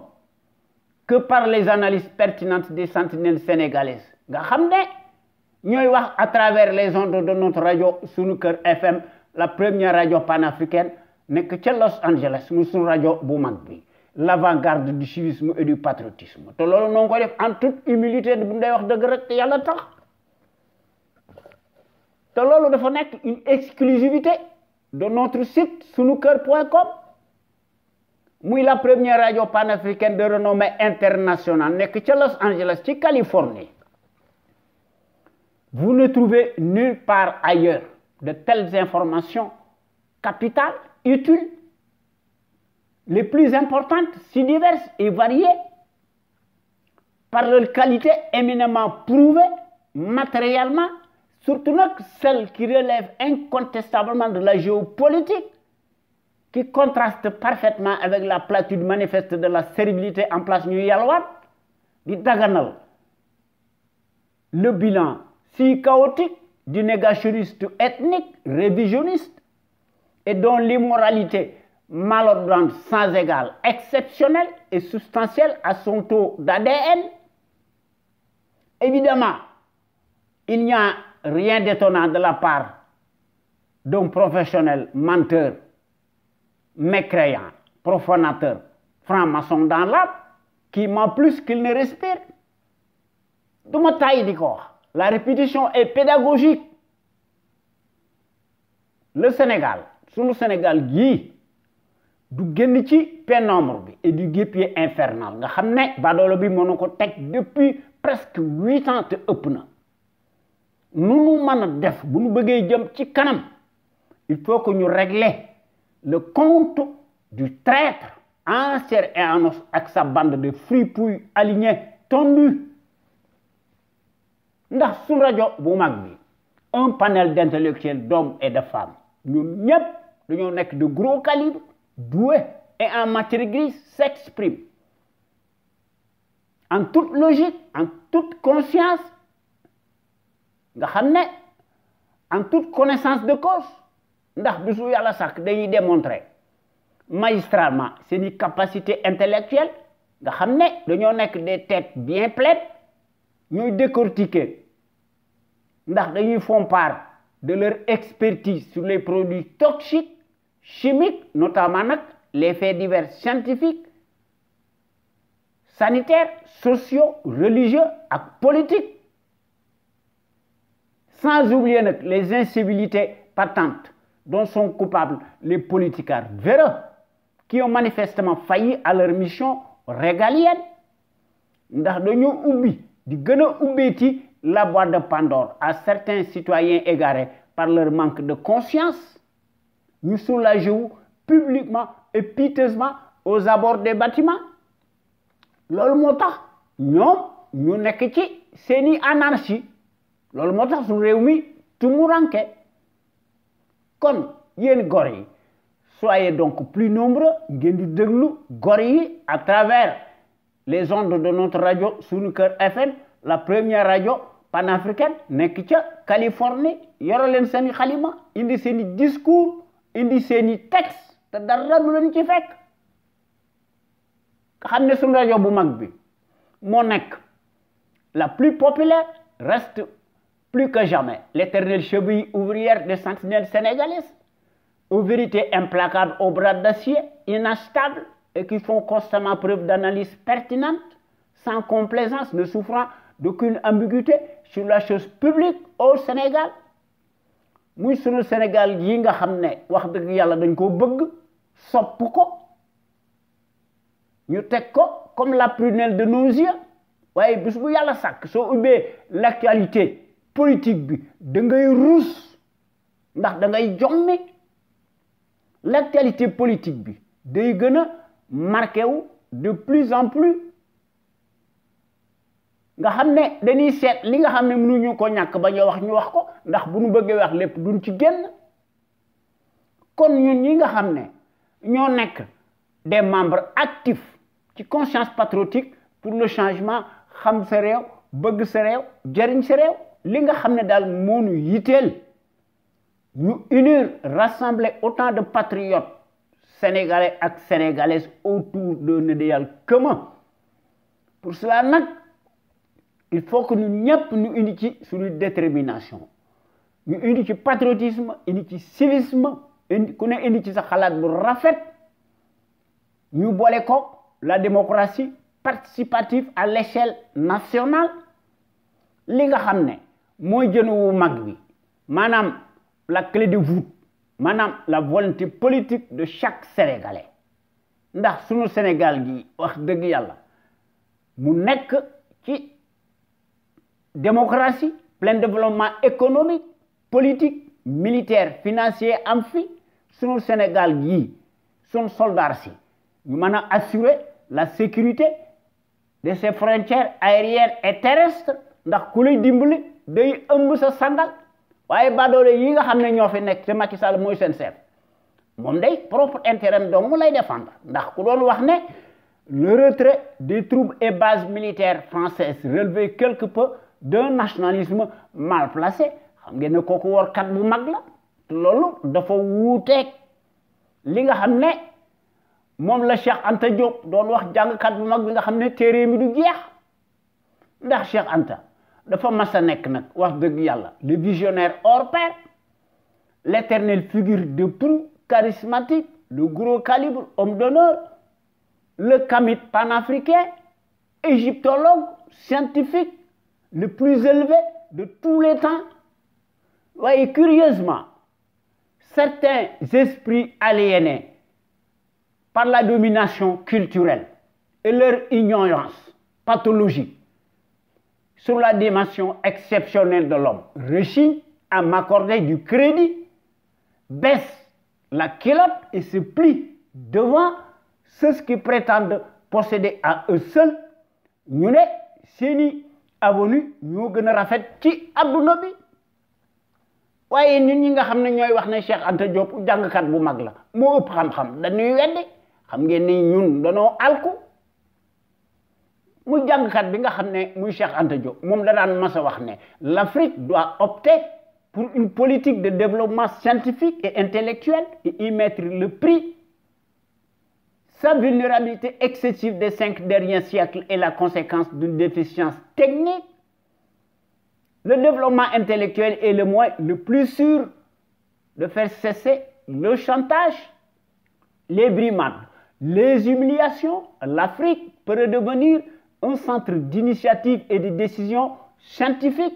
que par les analyses pertinentes des sentinelles sénégalaises. à travers les ondes de notre radio Sunuker FM, la première radio panafricaine, mais que Los Angeles, nous sommes radio Boumangbi. l'avant-garde du civisme et du patriotisme en toute humilité de nous dire wax temps rek te dafa une exclusivité de notre site sunuker.com Oui, la première radio panafricaine de renommée internationale que à Los Angeles en Californie vous ne trouvez nulle part ailleurs de telles informations capitales utiles les plus importantes si diverses et variées par leur qualité éminemment prouvée matériellement surtout celle qui relève incontestablement de la géopolitique, qui contraste parfaitement avec la platitude manifeste de la servilité en place de yalwaat du daganal le bilan si chaotique du négationniste ethnique révisionniste et dont l'immoralité malodorante sans égale, exceptionnelle et substantielle à son taux d'ADN. Évidemment, il n'y a rien d'étonnant de la part d'un professionnel menteur, mécréant, profanateur, franc-maçon dans l'âme, qui ment plus qu'il ne respire. ma taille du La répétition est pédagogique. Le Sénégal, sous le Sénégal, Guy, du pénombre et du guépier infernal nga ne depuis presque 8 ans nous nous mën def bu ñu bëggee jëm ci kanam il faut que ñu régler le compte du traître en et en os ak sa bande de fripouilles alignés tombés. ndax sun rajo bu mag bi un panel d'intellectuels d'hommes et de femmes nous ñëpp dañoo nekk de gros calibre doués et en matière grise s'expriment en toute logique en toute conscience nga en toute connaissance de cause ndax avons démontré démontrer magistralement ces capacités intellectuelles, nga xamné nek des têtes bien pleines ñuy décortiquer ndax dañuy font part de leur expertise sur les produits toxiques chimiques notamment les faits divers scientifiques sanitaires sociaux religieux et politiques sans oublier les incivilités patentes dont sont coupables les politiciens véreux qui ont manifestement failli à leur mission régalienne. Nous avons oublié, la boîte de Pandore à certains citoyens égarés par leur manque de conscience Nous soulageons publiquement et piteusement aux abords des bâtiments loolu moo non' ñu anarchie loolu motax sun rewmi réew mi kon yéen gori yi soyez donc plus nombreux ngén di déglu gori yi à travers les ondes de notre radio suñu cœur FM la première radio panafricaine nekk ci Californie yoro len seen khalima indi seen discours indi seen texte te dara lu Vous ci fekk xamné ne radio bu mag bi mo la plus populaire reste plus que jamais l'éternelle cheville ouvrière des sentinelles sénégalaises, aux vérités implacables aux bras d'acier, inestables et qui font constamment preuve d'analyse pertinente, sans complaisance, ne souffrant d'aucune ambiguïté sur la chose publique au Sénégal. sur le Sénégal yi nga que ne wax dëgg yàlla dañ koo bëgg sopp ko ñu ko comme la prunelle de nos yeux waaye bis bu yàlla sàkk soo l'actualité politique bi da ngay ruus ndax da ngay jommi l'actualité politique bi day gën a marqué wu de plus en plus nga xam ne dañuy seet li nga xam ne mënuñu ko ñàkk ba ñu wax ñu wax ko ndax bu ñu bëggee wax lépp duñ ci génn kon ñun ñi nga xam ne ñoo nekk des membres actifs ci conscience patriotique pour le changement xam sa réew bëgg sa réew jëriñ sa réew li nga xam ne daal moo unir rassembler autant de patriotes sénégalais et sénégalaises autour de nos idéal Comment pour cela il faut que nous nous ñu sur ci suñu détermination ñu indi patriotisme indi ci civisme nous ku ne indi ci sa xalaat bu rafet ñu la démocratie participative à l'échelle nationale li nga xam moy jën wu mag la clé de voûte manam la volonté politique de chaque sénégalais ndax sunu Sénégal gi wax deug yalla mu nek ci démocratie plein développement économique politique militaire financier am fi sunu Sénégal gi son soldat si ñu assurer la sécurité de ses frontières aériennes et terrestres ndax ku lay dimbali day ëmb sa sandal waye badoole yi nga xamné ne ñoo fi nekk te Macky Sall moy sen chef mon day propre intérêt donc mou lay défendre ndax ku doon wax ne le retrait des troupes et bases militaires françaises relevé quelque peu d'un nationalisme mal placé xam ngeen ne wor kat bu mag la te loolu dafa wouté li nga xamné mom la Cheikh Anta Diop doon wax kat bu mag bi nga xamné ne mi du jeex ndax Cheikh Anta le visionnaire hors père l'éternel figure de proue charismatique le gros calibre homme d'honneur le kamite panafricain égyptologue scientifique le plus élevé de tous les temps voyez, curieusement certains esprits aliénés par la domination culturelle et leur ignorance pathologique sur la dimension exceptionnelle de l'homme réussit à m'accorder du crédit, baisse la kilote et se plie devant ceux qui prétendent posséder à eux seuls Nous, avenue rafet nga wax Cheikh Anta Diop bu l'Afrique doit opter pour une politique de développement scientifique et intellectuel et y mettre le prix sa vulnérabilité excessive des cinq derniers siècles est la conséquence d'une déficience technique. Le développement intellectuel est le moyen le plus sûr de faire cesser le chantage, les brimades, les humiliations. L'Afrique peut devenir un centre d'initiative et de décision scientifique.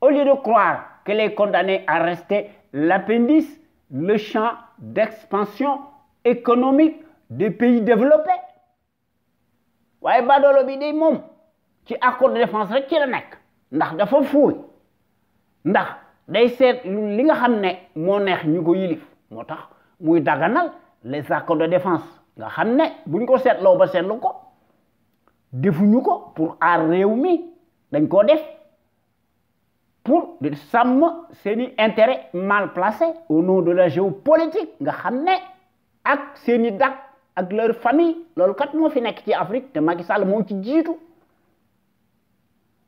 Au lieu de croire qu'elle est condamnée à rester l'appendice, le champ d'expansion économique des pays développés. Waye badolo bi day mom ci accord de défense rek ci la nek ndax dafa fuuy ndax day set li nga xam ne neex ñu ko yilif motax muy daganal les accords de défense nga buñ ko ba defuñu ko pour aar les codes pour di intérêt mal placé au nom de la géopolitique nga xam ak seeni dak ak leur famille loolu kat moo fi nekk ci Afrique te Macky Sall moo ci jiitu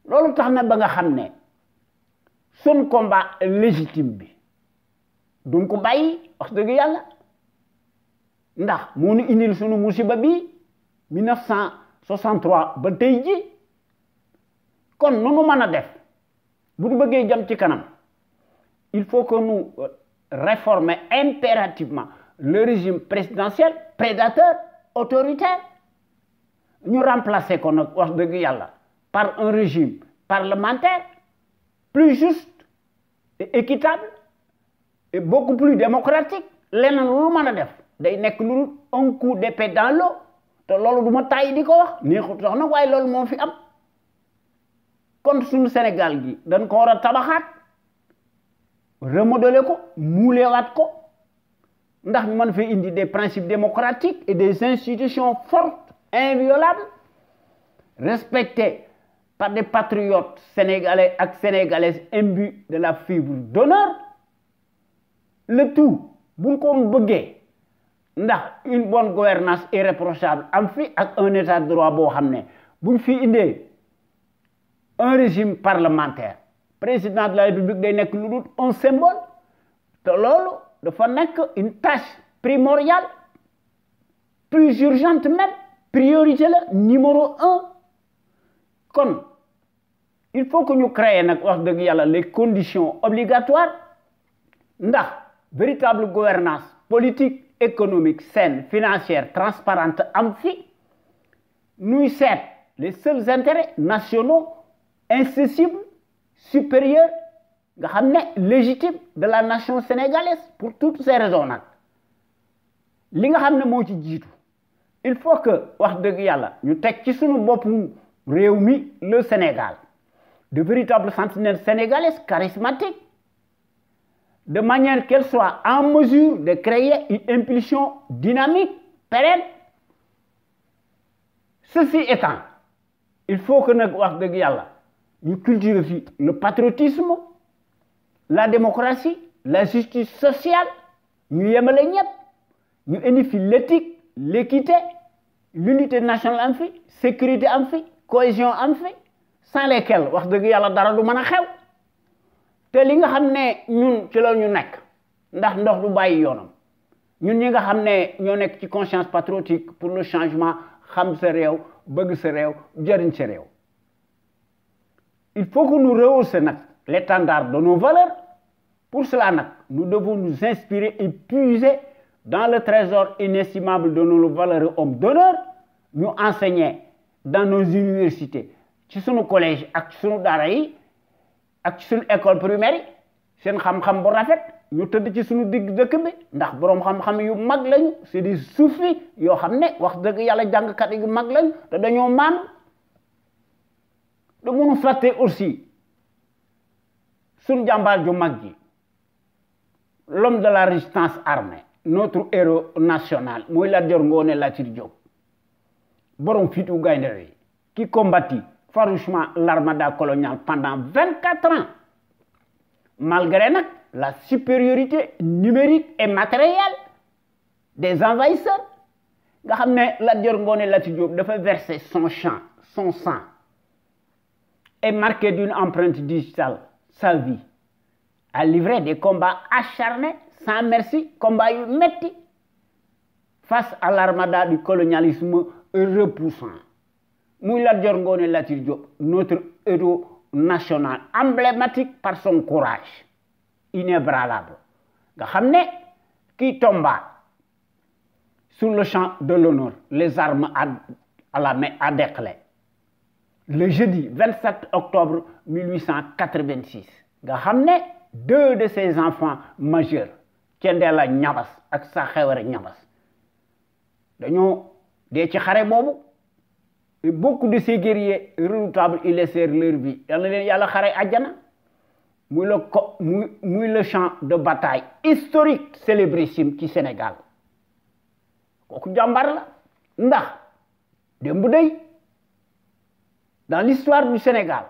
loolu tax combat légitime bi duñ ko bàyyi wax ndax 1900 63 ba kon il faut que nous euh, réformions impérativement le régime présidentiel prédateur autoritaire Nous remplacer ko wax par un régime parlementaire plus juste et équitable et beaucoup plus démocratique leneen lu mën def un coup d'épée dans l'eau lolu duma du diko wax neexut sax nag waaye loolu moo fi am kon sunu Sénégal gi dañ ko wara tabaxat remodeler ko wat ko ndax man fi indi des principes démocratiques et des institutions fortes inviolables respectées par des patriotes sénégalais et sénégalaises imbus de la fibre d'honneur le tout buñ ko bëggee une bonne gouvernance irréprochable am un état de droit bo xamné buñ fi un régime parlementaire président de la république day un symbole de une tâche primordiale plus urgente même prioritaire, numéro un Comme il faut que nous créions les conditions obligatoires véritable gouvernance politique économique saine financière transparente amphi nous sert les seuls intérêts nationaux incessibles supérieurs légitimes de la nation sénégalaise pour toutes ces raisons là li nga il faut que nous nous le Sénégal de véritables sentinelles sénégalaises charismatiques de manière qu'elle soit en mesure de créer une impulsion dynamique, pérenne. Ceci étant, il faut que nous cultivions le patriotisme, la démocratie, la justice sociale, nous aimons les nous l'éthique, l'équité, l'unité nationale en fait, sécurité en fait, cohésion en fait, sans lesquelles, wax yalla dara té li nga xamné ñun ci la ñu nekk ndax ndox du bayyi yoonam ñun ñi nga xamné ño nekk ci conscience patriotique pour le changement xam sa réew bëgg sa réew jëriñ sa réew il faut que nous rehaussions nak l'étendard de nos valeurs pour cela nak nous devons nous inspirer et puiser dans le trésor inestimable de nos valeurs hommes d'honneur nous enseigner dans nos universités ci sunu collège ak sunu dara yi ak suñ école primaire seen xam-xam bu rafet ñu tëdd ci suñu digg dëkk bi ndax borom xam-xam yu mag lañu c'est des soufis yoo xam ne wax dëgg yàlla jàngkat yu mag lañu te dañoo maan da mënu fàtte aussi suñ jàmbaar ju mag gi l'homme de la résistance armée notre héros national mooy Lat Dior Ngoné Latyr Diop borom fitu gaynde yi ki combattit farouchement l'armada coloniale pendant 24 ans, malgré la supériorité numérique et matérielle des envahisseurs. nga xam verser son champ son sang et marqué d'une empreinte digitale sa vie a livré des combats acharnés sans merci combats face à l'armada du colonialisme repoussant notre héros national emblématique par son courage inébranlable nga qui tomba sur le champ de l'honneur les armes à la main à déclé le jeudi 27 octobre 1886 nga deux de ses enfants majeurs Nyabas et et beaucoup de ces guerriers redoutables ils laissèrent leur vie yalla y yalla la aljana àjjana muy le le champ de bataille historique célébrissime du Sénégal kooku jambar la ndax dey dans l'histoire du Sénégal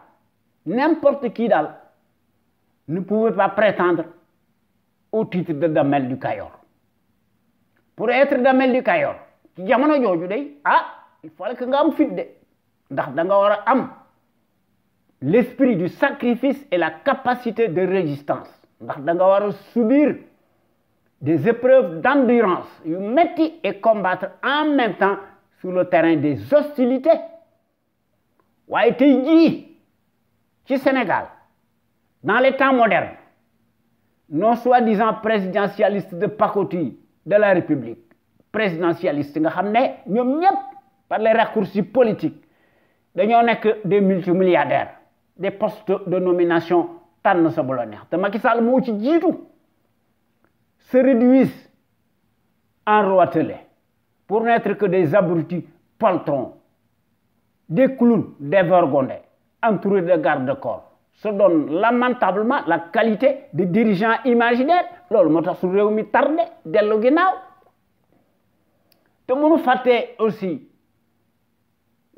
n'importe qui ne pouvait pas prétendre au titre de Damel du Kayor pour être Damel du Kayor ci jamono jooju day ah il faut que nous l'esprit du sacrifice et la capacité de résistance ndax subir des épreuves d'endurance yu metti et combattre en même temps sur le terrain des hostilités white été Sénégal dans les temps modernes non soi-disant présidentialistes de pacotille de la République présidentialistes nga xamné ñom par les raccourcis politiques a que des multimilliardaires des postes de nomination tant sa ce la neex te ci se réduisent en rois-telés, pour n'être que des abrutis poltrons des clowns des vergondés, entourés de garde-corps se donnent lamentablement la qualité de dirigeants imaginaires loolu le monde su mi tardé aussi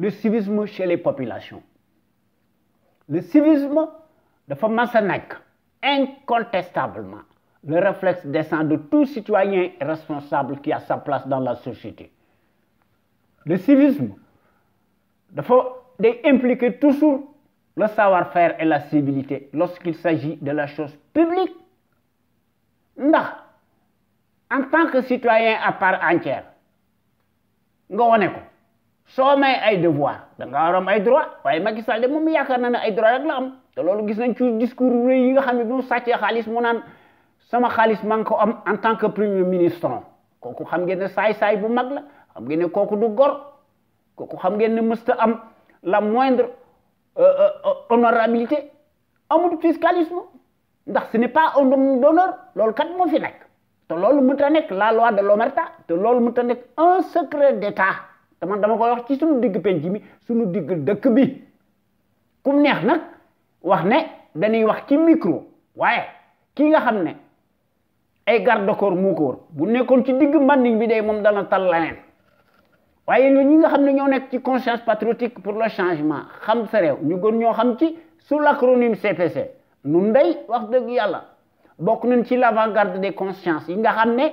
le civisme chez les populations le civisme de mas incontestablement le réflexe descend de tout citoyen responsable qui a sa place dans la société le civisme dafa faut impliquer toujours le savoir-faire et la civilité lorsqu'il s'agit de la chose publique Non. en tant que citoyen à part entière soo may ay devoir da nga war ay droit waaye Macky Sall de moom yaakaar na ay droit rek la am te loolu gis nañ ci discours reuy yi nga xamni ne bi mu mo nan sama xaalis maa ko am en tant que premier ministre koku xam ngeen ne saay-saay bu mag la xam ngeen koku du gor koku xam ngeen ne musta am la moindre euh, euh, euh honorabilité amul fiscalisme ndax ce n'est pas un homme d'honneur loolu kat mo fi nekk te loolu mënta nek la loi de l'omerta te loolu mënta nek un secret d'état te dama koy wax ci suñu digg penc mi sunu digg dëkk bi kum neex nag wax ne dañuy wax ci micro waaye kii nga xam ne ay garde corps mu ko wër bu nekkoon ci digg mbanding bi day moom dana tal leneen waaye ñi nga xam ne ñoo nekk ci conscience patriotique pour le changement xam sa réew ñu gën ñoo xam ci su l'acronyme CPC nun day wax dëgg yàlla bokk nañ ci l'avant-garde de consciences yi nga xam ne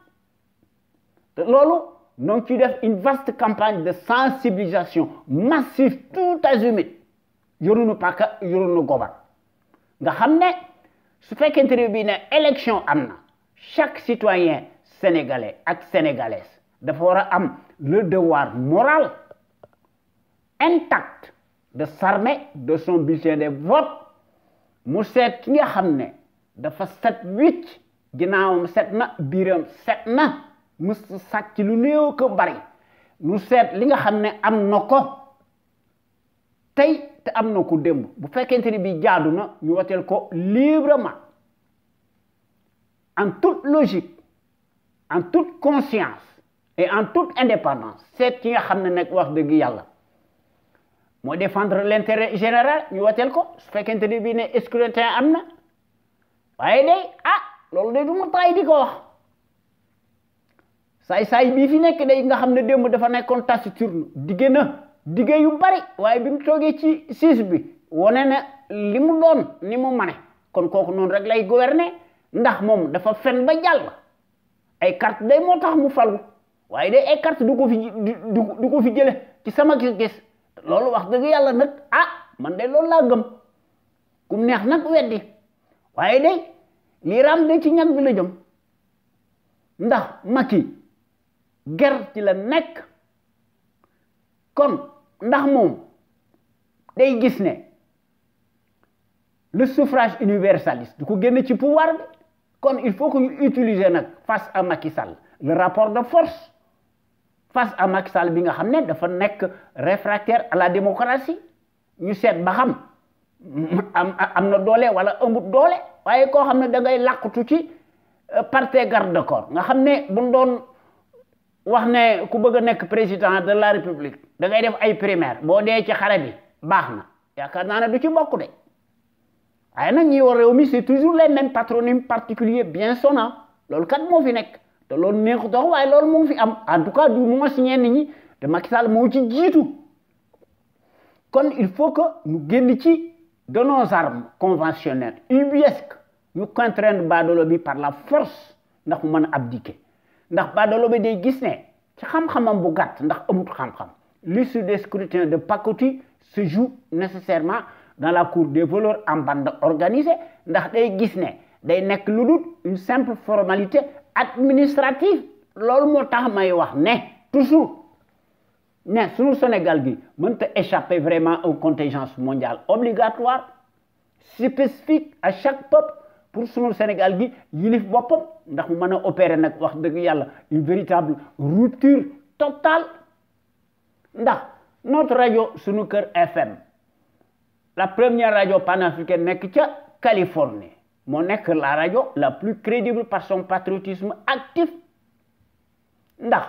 Lolo, loolu ñoo def une vaste campagne de sensibilisation massive tout azimut yoruñu paaka yoruñu gobar nga xam ne su fekkente ne bii une élection Amna. chaque citoyen sénégalais ak sénégalaise dafa war am le devoir moral intact de s'armer de son bulletin de vote mu seet ki nga xam ne dafa set wicc ginnaawam set na biiram set na nous sacc lu néew ko bari nu seet li nga xam am na ko te am na nous. bu bi librement en toute logique en toute conscience et en toute indépendance C'est ki nga xam ne nag wax dëgg yàlla défendre l'intérêt général ñu wateel ko su fekkente ne ah saay-saay bii fi nekk day nga xam ne démb dafa nekkoon taciturne digge na digge yu bari waaye bi mu toogee ci siis bi wone na limu mu doon ni mu mane kon kooku noonu rek lay gouverner ndax moom dafa fen ba jàll ay carte day moo tax mu falu waaye day ay carte du ko fi du ko fi jële ci sama gis-gis wax dëgg yàlla nag ah man de loolu laa gëm kum neex nag weddi waaye day lii raam de ci ñag bi la jëm ndax Macky ger ci la nek kon ndax mom day gis ne le suffrage universaliste du ko génn ci pouvoir bi kon il faut que ñu utiliser nak face à Macky Sall le rapport de force face à Macky Sall bi nga xamne dafa nek réfractaire à la démocratie ñu sét ba xam am am doole wala amut doole waye ko xamne da ngay laqtu ci euh, parte garde corps nga xamne bu ndon wax ne ku bëgg nekk président de la république da ngay def ay primaire boo dee ci xare bi baax na yaakaar naa ne du ci bokk de waaye nag ñi war réew mi c'est toujours les mêmes patronymes particuliers bien sonnant. loolu kat moo fi nekk te loolu neexu dox waaye loolu moo fi am en tout cas du moins signé ñenn ñi te Macky Sall moo ci jiitu kon il faut que nu génn ci de nos armes conventionnelles ubuesques ñu contraindre baadolo bi par la force ndax mu mën a abdiquer ndax l'issue des scrutins de se joue nécessairement dans la cour des voleurs en bande organisée ndax une simple formalité administrative loolu moo may wax ne toujours ne Sénégal échapper vraiment aux contingences mondiales obligatoires spécifiques à chaque peuple pour sunu Sénégal gi yilif Sénégal, ndax mu mën opérer wax une véritable rupture totale notre radio sunu FM la première radio panafricaine nek Californie la radio la plus crédible par son patriotisme actif ndax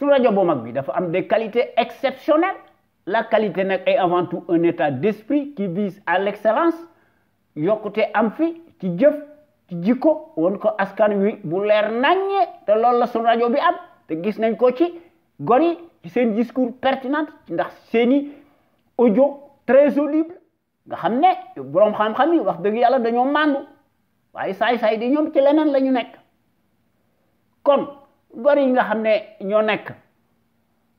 radio radio bi des qualités exceptionnelles la qualité est avant tout un état d'esprit qui vise à l'excellence un côté fi ci jëf ci jikko won ko askan wi bu leer naññe te loolu la sunu rajo bi am te gis nañ ko ci gor yi ci seen discours pertinent ndax seeni audio très audible nga xam ne boroom xam-xam yi wax dëgg yàlla dañoo màndu waaye saay-saay di ñoom ci leneen la ñu nekk kon gor yi nga xam ne ñoo nekk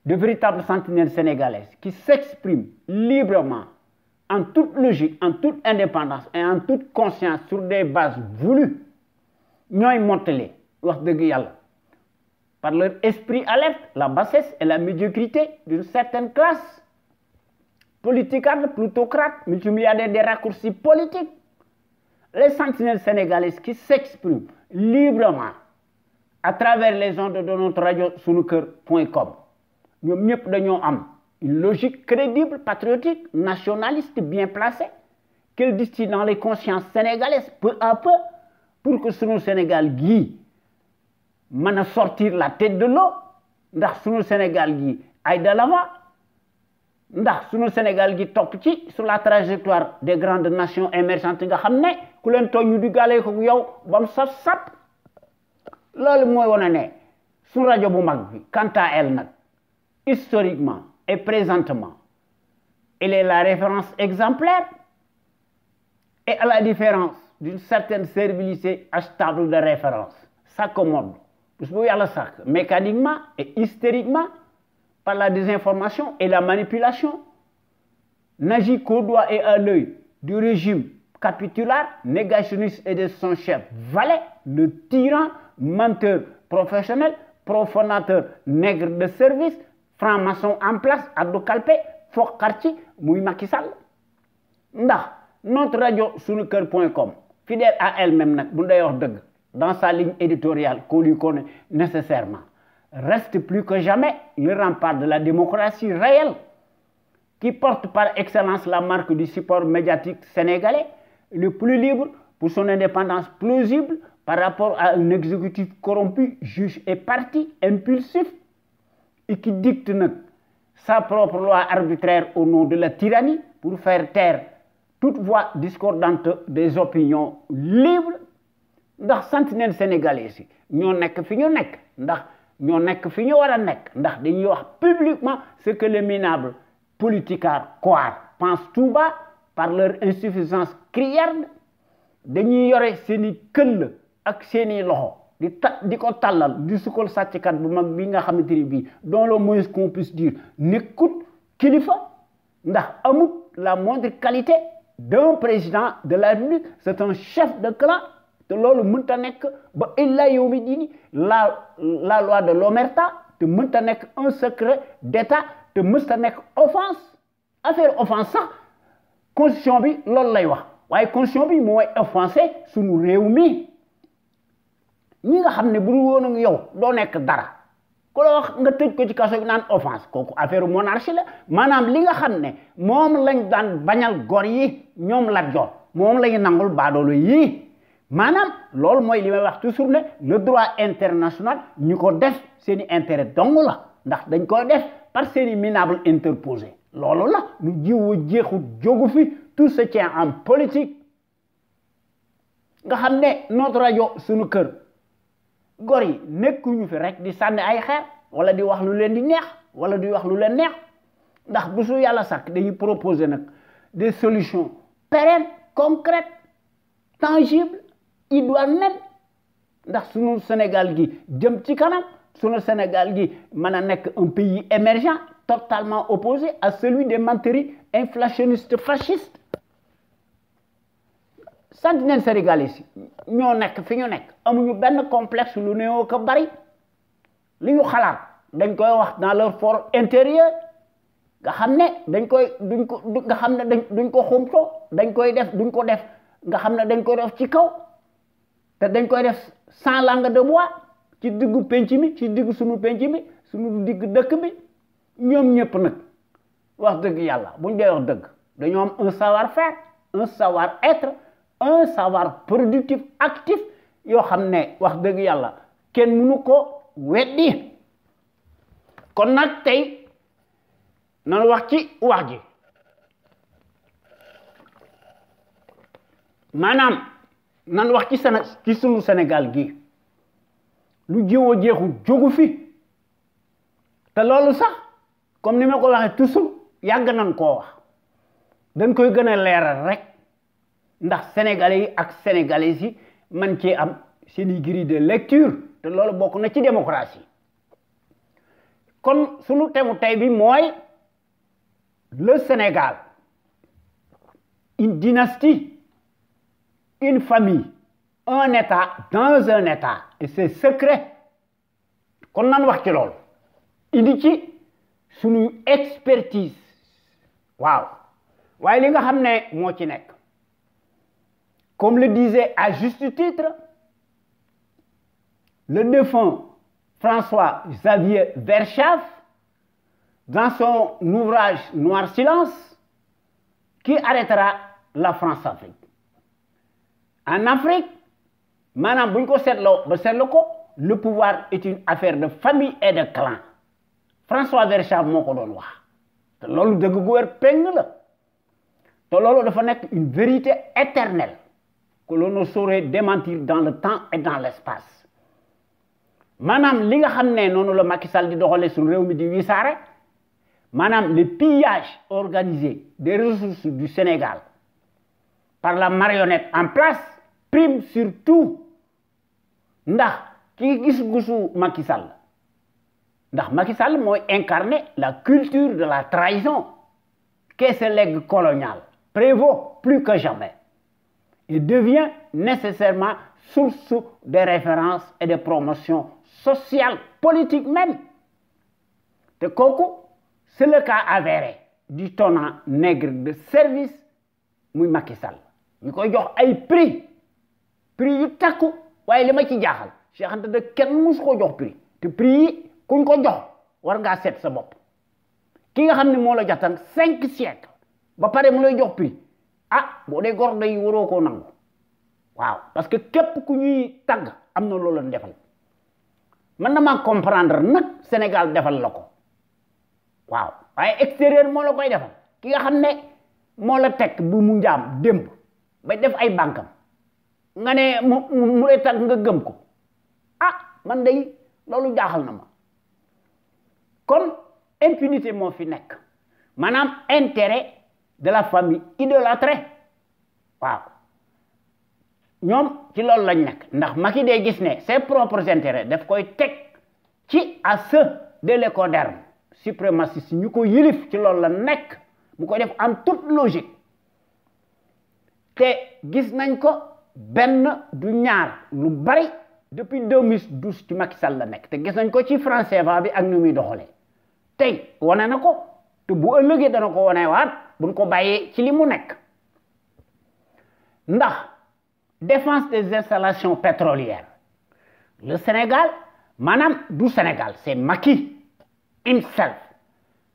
de véritables sentinelles sénégalaises qui s'expriment librement en toute logique en toute indépendance et en toute conscience sur des bases voulues nous les wax de par leur esprit alerte la bassesse et la médiocrité d'une certaine classe politicarde plutocrate multimillionnaire des raccourcis politiques les sentinelles sénégalaises qui s'expriment librement à travers les ondes de notre radio le Nous nous mieux que am une logique crédible, patriotique, nationaliste, bien placée, qu'elle distille dans les consciences sénégalaises peu à peu pour que nouveau Sénégal qui, mën sortir la tête de l'eau ndax sunu Sénégal qui aille de l'avant ndax sunu Sénégal qui, top petit, sur la trajectoire des grandes nations émergentes nga xam ne ku leen du ñu diggalee ko yow ba mu sap loolu mooy wane ne sur bu quant à elle historiquement et présentement. elle est la référence exemplaire. Et à la différence d'une certaine servilité achetable de référence, sac, mécaniquement et hystériquement, par la désinformation et la manipulation, n'agit qu'au doigt et à l'œil du régime capitulaire, négationniste et de son chef valet, le tyran, menteur professionnel, profanateur, nègre de service, franc-maçon en place Abdou Kalpe fort Karchi, Moui Makissal. notre radio sur fidèle à elle-même dans sa ligne éditoriale qu'on lui connaît nécessairement reste plus que jamais le rempart de la démocratie réelle qui porte par excellence la marque du support médiatique sénégalais le plus libre pour son indépendance plausible par rapport à un exécutif corrompu, juge et parti impulsif et qui dicte nak sa propre loi arbitraire au nom de la tyrannie pour faire taire toute voix discordante des opinions libres ndax sentinelle sénégalais ñoo nek fi ñu nek ndax ñoo nek fi ñu wara nek ndax dañuy wax publiquement ce que les minables politiciens croient pensent tout bas par leur insuffisance criarde dañuy yoré seni keul ak seni loxo di ta di ko tàllal di sukkal sàcckat bu mag bi nga xamante ni don dans le moins qu'on puisse dire nekkut kilifa ndax amut la moindre qualité d'un président de la République c'est un chef de clan te lolou mënta nek ba illa yow dini la la loi de l'omerta te mënta nek un secret d'État te mënta nek offense affaire offense sax constitution bi lolou lay wax waye constitution bi moy offensé suñu réew ñi nga xamne bu won ak yow do nek dara ko la wax nga tejj ko ci kasso naan offense koku affaire monarchie la manam li nga xamne mom moom lañ dan bañal gor yi ñom la joor mom lañ nangul baadoolo lu maanaam loolu lol li may wax toujours ne le droit international ñuko def seeni intérêt dong la ndax dañ ko def par seeni minable interposé la ñu jiwu jexu jogu fi tout se tient en politique nga xamne notre radio sunu kër gor yi nekkuñu fi rek di sànni ay xeer wala di wax lu leen di neex wala di wax lu leen neex ndax bu su yàlla sàkk dañuy proposer nag des solutions pérennes concrètes tangibles Il doit même ndax sunu Sénégal gi jëm ci kanam sunu Sénégal gi mën a nekk un pays émergent totalement opposé à celui des menteries inflationnistes fascistes sentinelle sénégalais si ñoo nekk fi ñu amuñu ben complexe lu néew ko bari liñu xalaat dañ koy wax dans leur fort intérieur nga xamné dañ koy duñ ko nga xamné dañ duñ ko xumto dañ koy def duñ ko def nga xamné dañ koy def ci kaw té dañ koy def sans langue de bois ci diggu penc mi ci diggu sunu penc mi sunu digg dekk bi ñom ñëpp nak wax deug yalla buñ day wax deug dañu am un savoir faire un savoir être un savoir productif actif yoo xam ne wax dëgg yàlla kenn mënu ko weddi kon nag tey nanu wax ci wax ji maanaam nan wax ci Séné ci sunu senegal gi lu jiwoo jeexu jógu fi te loolu sax comme ni ma ko waxee toujours yàgg nañ koo wax dañ koy gën a leeral rek ndax sénégalais ak sénégalaises yi man ci am seen grille de lecture te loolu bokk na ci démocratie kon sunu temu tay bi moy le Sénégal une dynastie une famille un état dans un état et c'est secret kon nan wax ci loolu indi ci sunu expertise waaw waaye li nga xam ne moo ci nekk comme le disait à juste titre le défunt François Xavier Verschaff dans son ouvrage Noir Silence qui arrêtera la France-Afrique. En Afrique, le pouvoir est une affaire de famille et de clan François Verschaff mon colonel. c'est te loolu dëgg le C'est une vérité éternelle que l'on ne saurait démentir dans le temps et dans l'espace Madame, li nga le di le pillage organisé des ressources du Sénégal par la marionnette en place prime sur tout. ki est-ce Macky ndax Macky Sall incarné la culture de la trahison qu'est ce legs colonial prévaut plus que jamais il devient nécessairement source de référence et de promotion sociale, politique même. Coco, c'est le cas avéré du tonnant nègre de service, Mouy Macky Sall Il koy jox ay prix prix de prix te prix il siècles prix ah bo de gor day Wow, ko nang waaw parce que képp ku ñuy tag am loolu loola defal man na ma comprendre nak Sénégal defal lako waaw waaye extérieur mo la koy defal ki nga xam mo la teg bu mu demb ba def ay bankam nga ne mu lay tag nga gëm ko ah man day loolu jaaxal na ma kon impunité mo fi nek manam intérêt de la famille idolâtrée waaw ñom ci lool lañ nekk ndax maki day gis ne ses propres intérêts daf koy tek ci à ce de l'écoderme suprémaciste ñu ko yilif ci lool la nek mu ko def en toute logique té gis nañ ko ben du ñaar lu bari depuis 2012 ci Macky Sall la nek té gis nañ ko ci franc CFA bi ak ñu mi doxale tey wane ko te bu da na ko woné waat buñ ko bayé ci défense des installations pétrolières le Sénégal Madame du Sénégal c'est Macky himself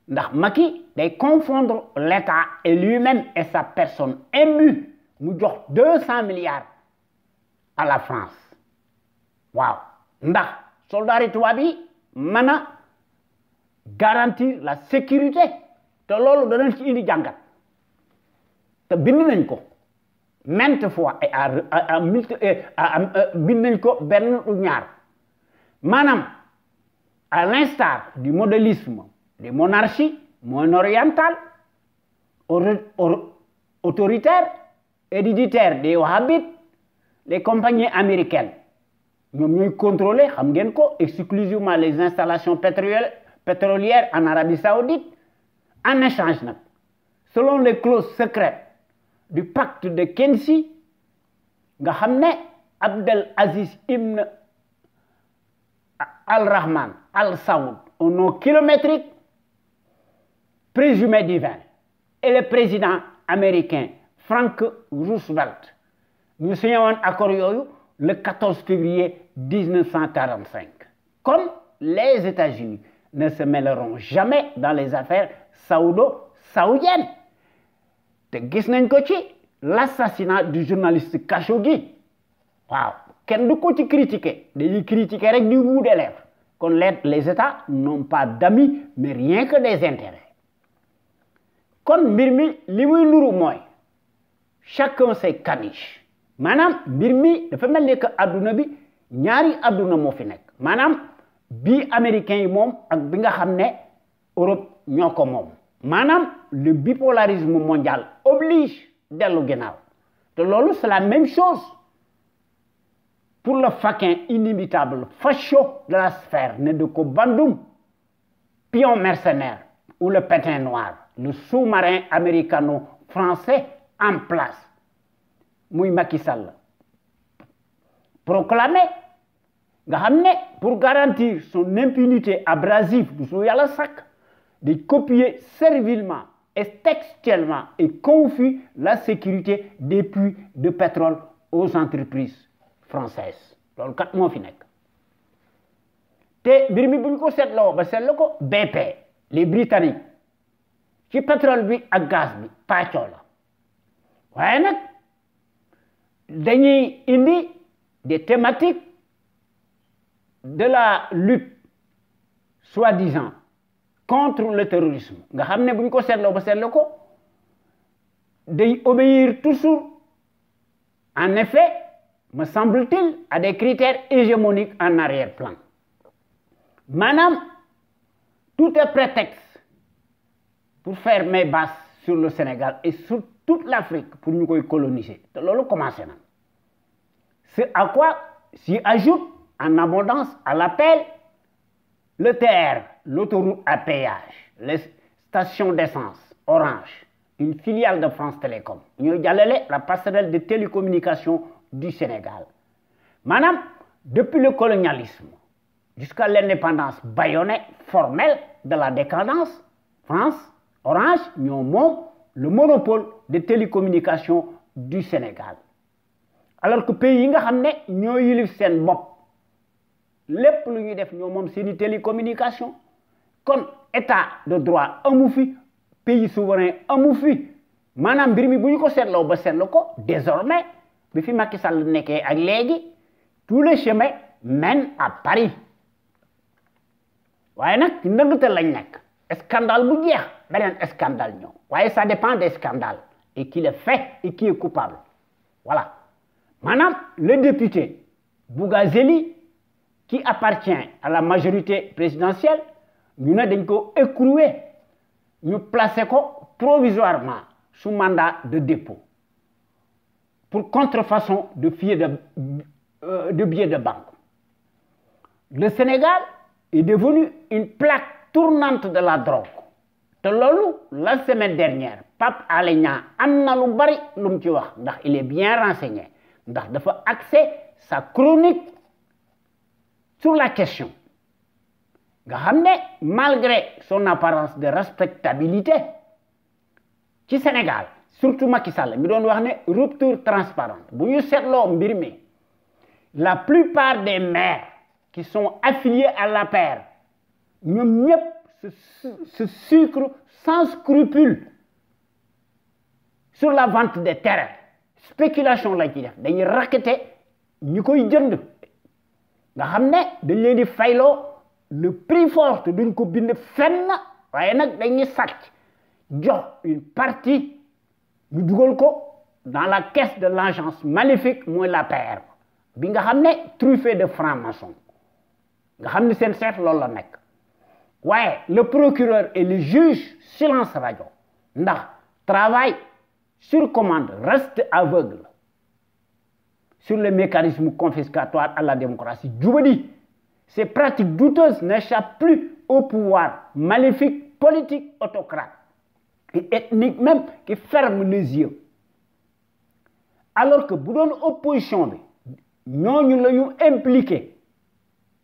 ndax Macky day confondre l'État et lui-même et sa personne émue nous jox 200 milliards à la France waaw ndax soldat tubaab bi garantir la sécurité te ce danañ ci indi jàngat te bind nañ ko fois et à à euh, bind nañ ko à l'instar du modélisme des monarchies moins orientales autoritaires héréditaires des wahhabites les compagnies américaines nous ñooy contrôler exclusivement les installations pétrolières en Arabie Saoudite en échange selon les clauses secrètes du pacte de Kensi Abdel Aziz Ibn Al Rahman Al Saoud au nom kilométrique présumé divin et le président américain Frank Roosevelt nous sommes un accord le 14 février 1945 comme les États-Unis ne se mêleront jamais dans les affaires saoudo-saoudienne. te gis nañ ko ci l'assassinat du journaliste Khashoggi waaw ken du ko ci critiquer dañuy critiquer rek du bout des kon les états n'ont pas d'amis mais rien que des intérêts kon mbir mi li muy nuru chacun ses caniches Manam mbir mi dafa mel que adduna bi ñaari aduna mo fi nek. Manam bi américains yi ak bi nga Europe Madame, le bipolarisme mondial oblige dellu c'est la même chose pour le faquin inimitable facho de la sphère né de pion mercenaire ou le pétain noir le sous-marin américano-français en place muy Makissal, proclamé pour garantir son impunité abrasive souvenez-vous à la sac de copier servilement et textuellement et confie la sécurité des puits de pétrole aux entreprises françaises dans le dire. fi nekk te buñ ko ce ba je ko BP les britanniques qui pétrole bi ak gaz bi pàccoo la voyez Ils dañuy indi des thématiques de la lutte soi-disant contre le terrorisme nga ne ko ba ko obéir toujours en effet me semble-t-il à des critères hégémoniques en arrière-plan Maintenant, tout est prétexte pour faire mes bases sur le Sénégal et sur toute l'Afrique pour nous coloniser c'est commencé à quoi s'y ajoute en abondance à l'appel le terre l'autoroute à péage les stations d'essence Orange une filiale de France Télécom nous avons la passerelle de télécommunications du Sénégal Madame, depuis le colonialisme jusqu'à l'indépendance bayonnais formelle de la décadence France Orange nous le monopole de télécommunications du Sénégal alors que pays yi nga xamné ñoy sen bop télécommunication comme état de droit amu fi pays souverain amu fi maanaam mbir mi ko ba ko désormais bi fi Macky Sall ak léegi tous les chemins mènent à Paris waye nak ci ndëngte lañ un scandale bu jeex un scandale ñoo waye ça dépend des scandales et qui le fait et qui est coupable voilà manam le député Bougazeli qui appartient à la majorité présidentielle nous avons été ko écrouer ñu placer provisoirement sous mandat de dépôt pour contrefaçon euh, de billets de, banque. Le Sénégal est devenu une plaque tournante de la drogue. la semaine dernière Pape Aléna Anna il est bien renseigné ndax accès à sa chronique sur la question nga malgré son apparence de respectabilité au Sénégal surtout Macky Sall mi a wax rupture transparente bu ñu la plupart des maires qui sont affiliés à la paire ñëpp ce sucre sans scrupule sur la vente des terres spéculation la ci def ont raqueter Ils koy jënd nga xam ne dañ leen le prix fort d'une copine de fenn rien nag dañuy sàcc une partie ñu dans la caisse de l'agence maléfique mooy la paire. bi nga truffé de francs-maçons. nga c'est ne seen mec. Ouais, le procureur et le juge silence radio ndax travail sur commande reste aveugle sur les mécanismes confiscatoires à la démocratie dis. Ces pratiques douteuses n'échappent plus au pouvoir maléfique, politique, autocrate et ethnique même qui ferme les yeux. Alors que pour opposition nous sommes impliqué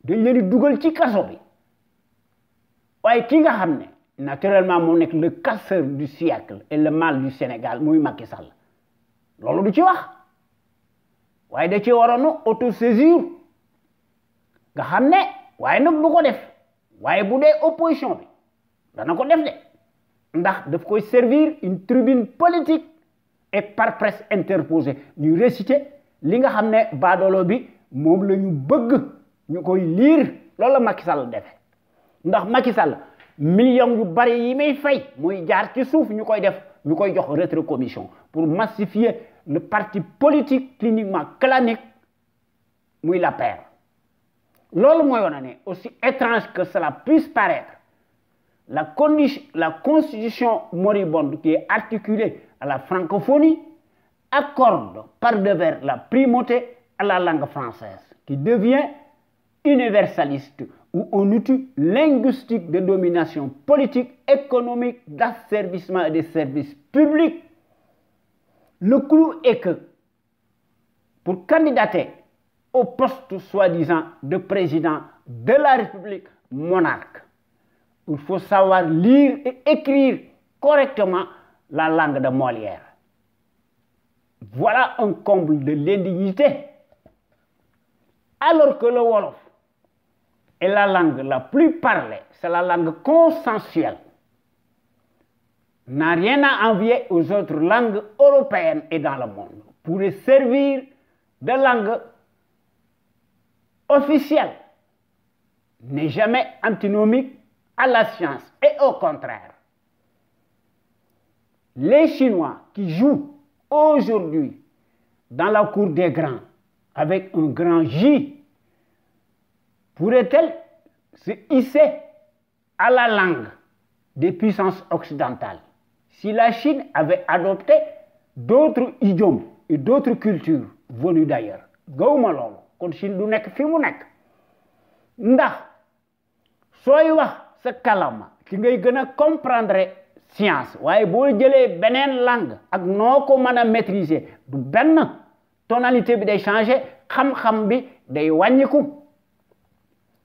dañ ci naturellement mon impliqués. le casseur du siècle et le mal du Sénégal Mouy Macky Sall Nous du ci wax da auto nga xamné waye nak ko def bu opposition bi ko def servir une tribune politique et par presse interposée ñu réciter li nga xamné de bi mom bëgg loolu Macky millions yu bari yi may fay pour massifier le parti politique cliniquement clanique la lors du moyen aussi étrange que cela puisse paraître la la constitution moribonde qui est articulée à la francophonie accorde par devers la primauté à la langue française qui devient universaliste où on utilise linguistique de domination politique, économique, d'asservissement et de services publics. Le clou est que pour candidater au poste soi-disant de président de la République monarque. Il faut savoir lire et écrire correctement la langue de Molière. Voilà un comble de l'indignité. Alors que le Wolof est la langue la plus parlée, c'est la langue consensuelle, n'a rien à envier aux autres langues européennes et dans le monde, pour servir de langue officielle n'est jamais antinomique à la science. Et au contraire, les Chinois qui jouent aujourd'hui dans la cour des grands avec un grand J pourraient-elles se hisser à la langue des puissances occidentales si la Chine avait adopté d'autres idiomes et d'autres cultures venues d'ailleurs kon Chine du nek fi mu nek ndax soy wax sa kalama ki ngay gëna comprendre science waye bo jëlé benen langue ak noko mëna la maîtriser du ben tonalité bi day changer xam-xam bi day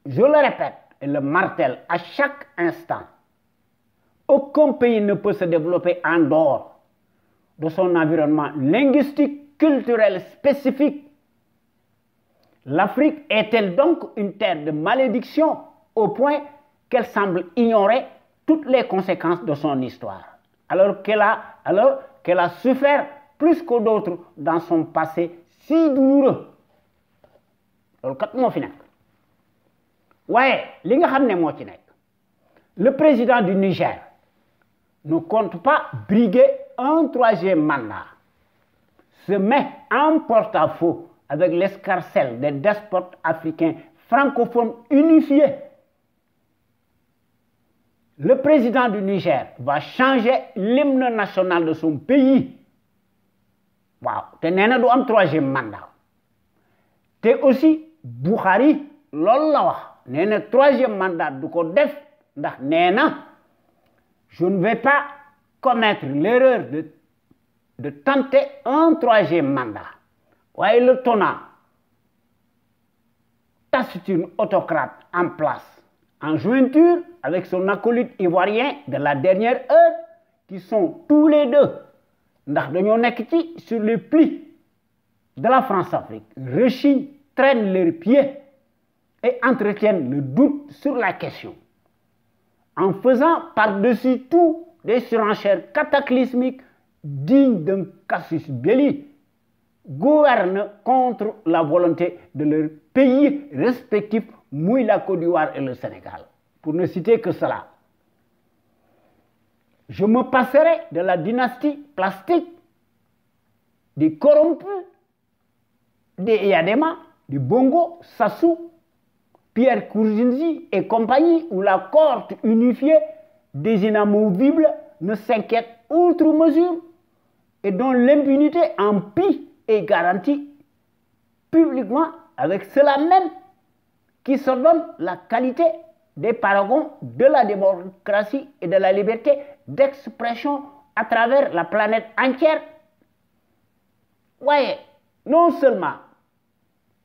je le répète et le martèle à chaque instant aucun pays ne peut se développer en dehors de son environnement linguistique culturel spécifique L'Afrique est-elle donc une terre de malédiction au point qu'elle semble ignorer toutes les conséquences de son histoire, alors qu'elle a, a souffert plus que d'autres dans son passé si douloureux le président du Niger ne compte pas briguer un troisième mandat se met en porte-à-faux avec l'escarcelle des despotes africains francophones unifiés, le président du Niger va changer l'hymne national de son pays. Waouh te n'as troisième mandat te aussi Bouhari Lollawa tu wax troisième mandat du je ne vais pas commettre l'erreur de de tenter un troisième mandat waaye le tona une autocrate en place en jointure avec son acolyte ivoirien de la dernière heure qui sont tous les deux sur les plis de la France-Afrique rechignent traîne leurs pieds et entretiennent le doute sur la question en faisant par-dessus tout des surenchères cataclysmiques dignes d'un casus Belli gouvernent contre la volonté de leurs pays respectifs, Mouila la Côte d'Ivoire et le Sénégal, pour ne citer que cela. Je me passerai de la dynastie plastique, des corrompus, des Yadema, du Bongo, Sassou, Pierre Kourzinzi et compagnie, où la corte unifiée des inamovibles ne s'inquiète outre mesure et dont l'impunité empire et garantie publiquement avec cela même qui se donne la qualité des paragons de la démocratie et de la liberté d'expression à travers la planète entière. Voyez, non seulement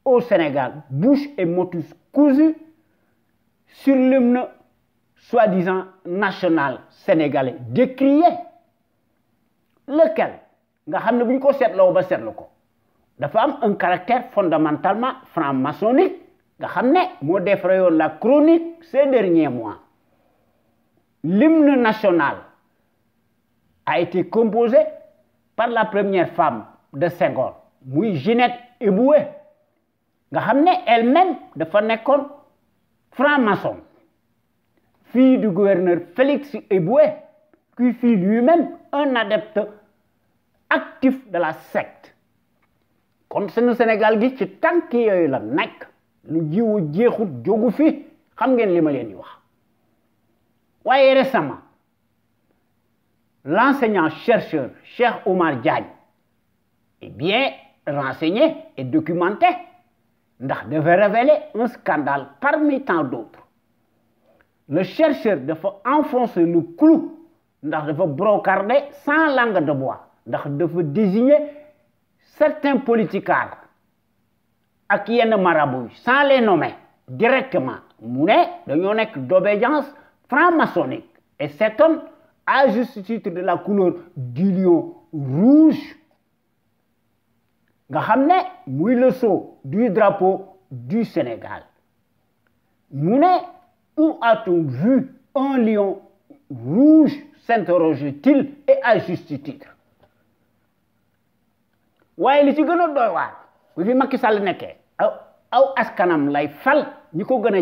au Sénégal, bouche et motus cousus sur l'hymne soi-disant national sénégalais décrié, lequel nga xam ne ko ba ko un caractère fondamentalement franc-maçonnique nga xam la chronique ces derniers mois l'hymne national a été composé par la première femme de saint muy Ginette Eboué nga elle-même dafa franc-maçon fille du gouverneur Félix Eboué qui fut lui-même un adepte actif de la secte kon le Sénégal gi ci tànk yoy la le lu jiwu jeexut a fi xam ngeen lima wax récemment l'enseignant chercheur Cheikh Omar Diagne est bien renseigné et documenté ndax devait révéler un scandale parmi tant d'autres le chercheur devait enfoncer le clou ndax devait brocarder sans langue de bois ndax dafa désigner certains politiciens ak yenn marabout sans les nommer directement mu ne dañoo nekk franc-maçonnique et cet homme à juste titre de la couleur du lion rouge nga xam ne le sau du drapeau du Sénégal mu où a-t-on vu un lion rouge s'interroge-t-il et à juste titre waye li ci gëna doy waar bu fi Macky Sall nekkee aw aw askanam lay fal ñiko gëna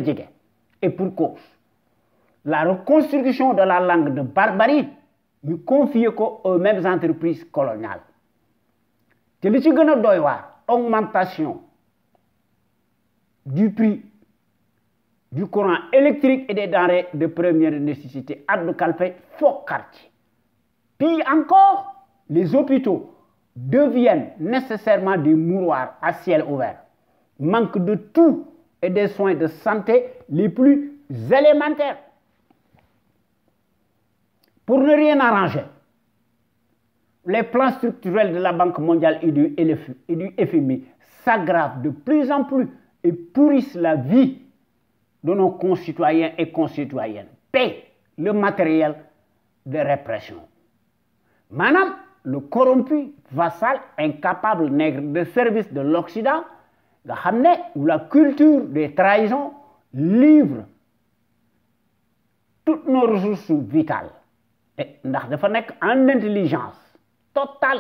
et pourquoi la reconstruction de la langue de barbarie nous confier ko aux mêmes entreprises coloniales té li ci gëna doy augmentation du prix du courant électrique et des denrées de première nécessité addu calpé faux quartier. puis encore les hôpitaux deviennent nécessairement des mouroirs à ciel ouvert, manquent de tout et des soins de santé les plus élémentaires. Pour ne rien arranger, les plans structurels de la Banque mondiale et du FMI s'aggravent de plus en plus et pourrissent la vie de nos concitoyens et concitoyennes. Paix le matériel de répression. Madame, le corrompu vassal incapable nègre de service de l'Occident ou où la culture des trahisons livre toutes nos ressources vitales et nous avons en intelligence totale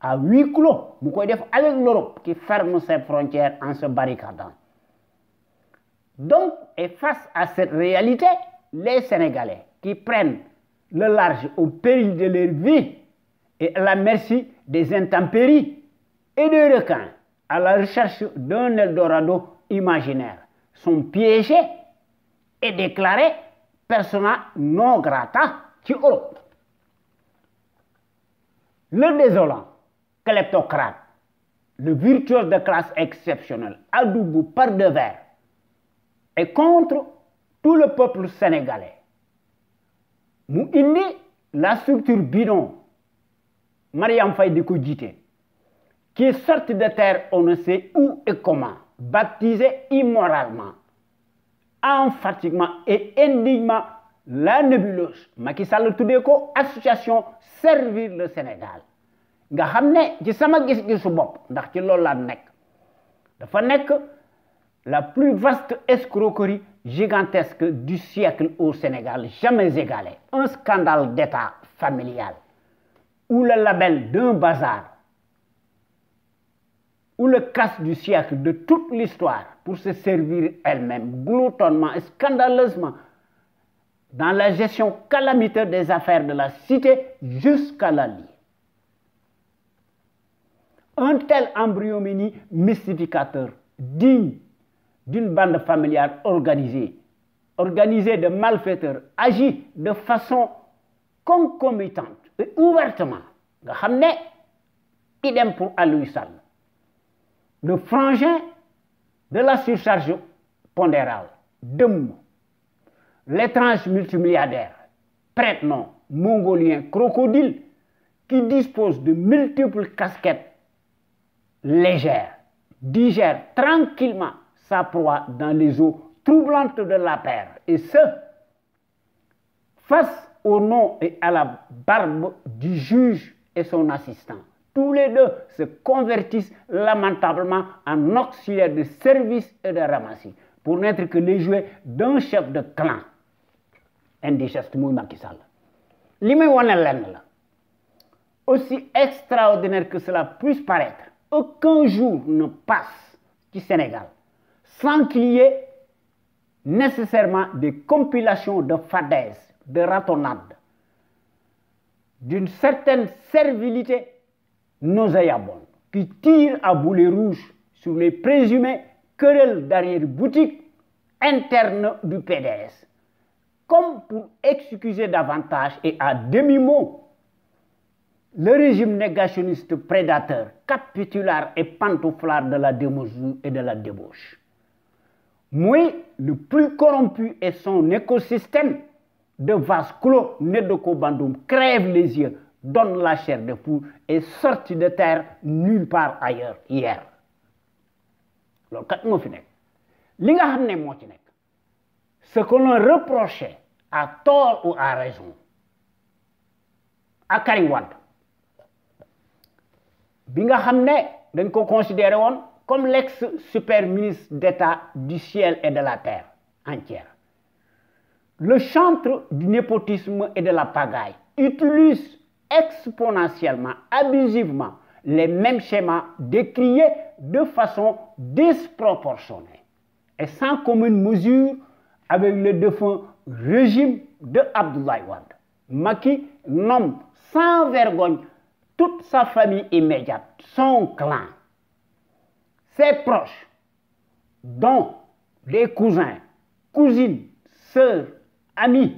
à huis clos avec l'Europe qui ferme ses frontières en se barricadant donc et face à cette réalité les Sénégalais qui prennent le large au péril de leur vie et à la merci des intempéries et des requins, à la recherche d'un Eldorado imaginaire, sont piégés et déclarés persona non grata qui Europe. Le désolant kleptocrate, le virtuose de classe exceptionnelle, Adoubou par de verre, et contre tout le peuple sénégalais. Nous, il la structure bidon Mariam Faye de ko qui sortent de terre on ne sait où et comment baptisée immoralement emphatiquement et indignement la nébuleuse Macky Sall tuddee ko association servir le Sénégal nga xamné ci sama gis qui ndax ci la plus vaste escroquerie gigantesque du siècle au Sénégal jamais égalée un scandale d'État familial ou le label d'un bazar ou le casse du siècle de toute l'histoire pour se servir elle-même gloutonnement et scandaleusement dans la gestion calamiteuse des affaires de la cité jusqu'à la lie. Un tel embryomini mystificateur, digne d'une bande familiale organisée, organisée de malfaiteurs, agit de façon concomitante et ouvertement nga xamné idem pour Aliou le frangin de la surcharge pondérale dëmm l'étrange multimilliardaire prête-nom mongolien crocodile qui dispose de multiples casquettes légères digère tranquillement sa proie dans les eaux troublantes de la paire et ce face au nom et à la barbe du juge et son assistant. Tous les deux se convertissent lamentablement en auxiliaires de service et de ramassis pour n'être que les jouets d'un chef de clan. indigeste muy Macky aussi extraordinaire que cela puisse paraître aucun jour ne passe du Sénégal sans qu'il y ait nécessairement des compilations de fadaises de ratonnade, d'une certaine servilité nauséabonde qui tire à boulet rouge sur les présumés querelles d'arrière-boutique interne du PDS, comme pour excuser davantage et à demi-mot le régime négationniste prédateur, capitulaire et pantouflard de la démesure et de la débauche. Moi, le plus corrompu est son écosystème de vase clos, de Bandoum, crève les yeux, donne la chair de poule et sorti de terre nulle part ailleurs hier. Alors, qu'est-ce fi li ce que l'on reprochait à tort ou à raison à Karim Wad, bi nga comme l'ex super ministre d'État du ciel et de la terre entière le chantre du népotisme et de la pagaille utilise exponentiellement, abusivement, les mêmes schémas décriés de façon disproportionnée et sans commune mesure avec le défunt régime de Abdoulaye Wade. Maki nomme sans vergogne toute sa famille immédiate, son clan, ses proches, dont les cousins, cousines, sœurs, amis,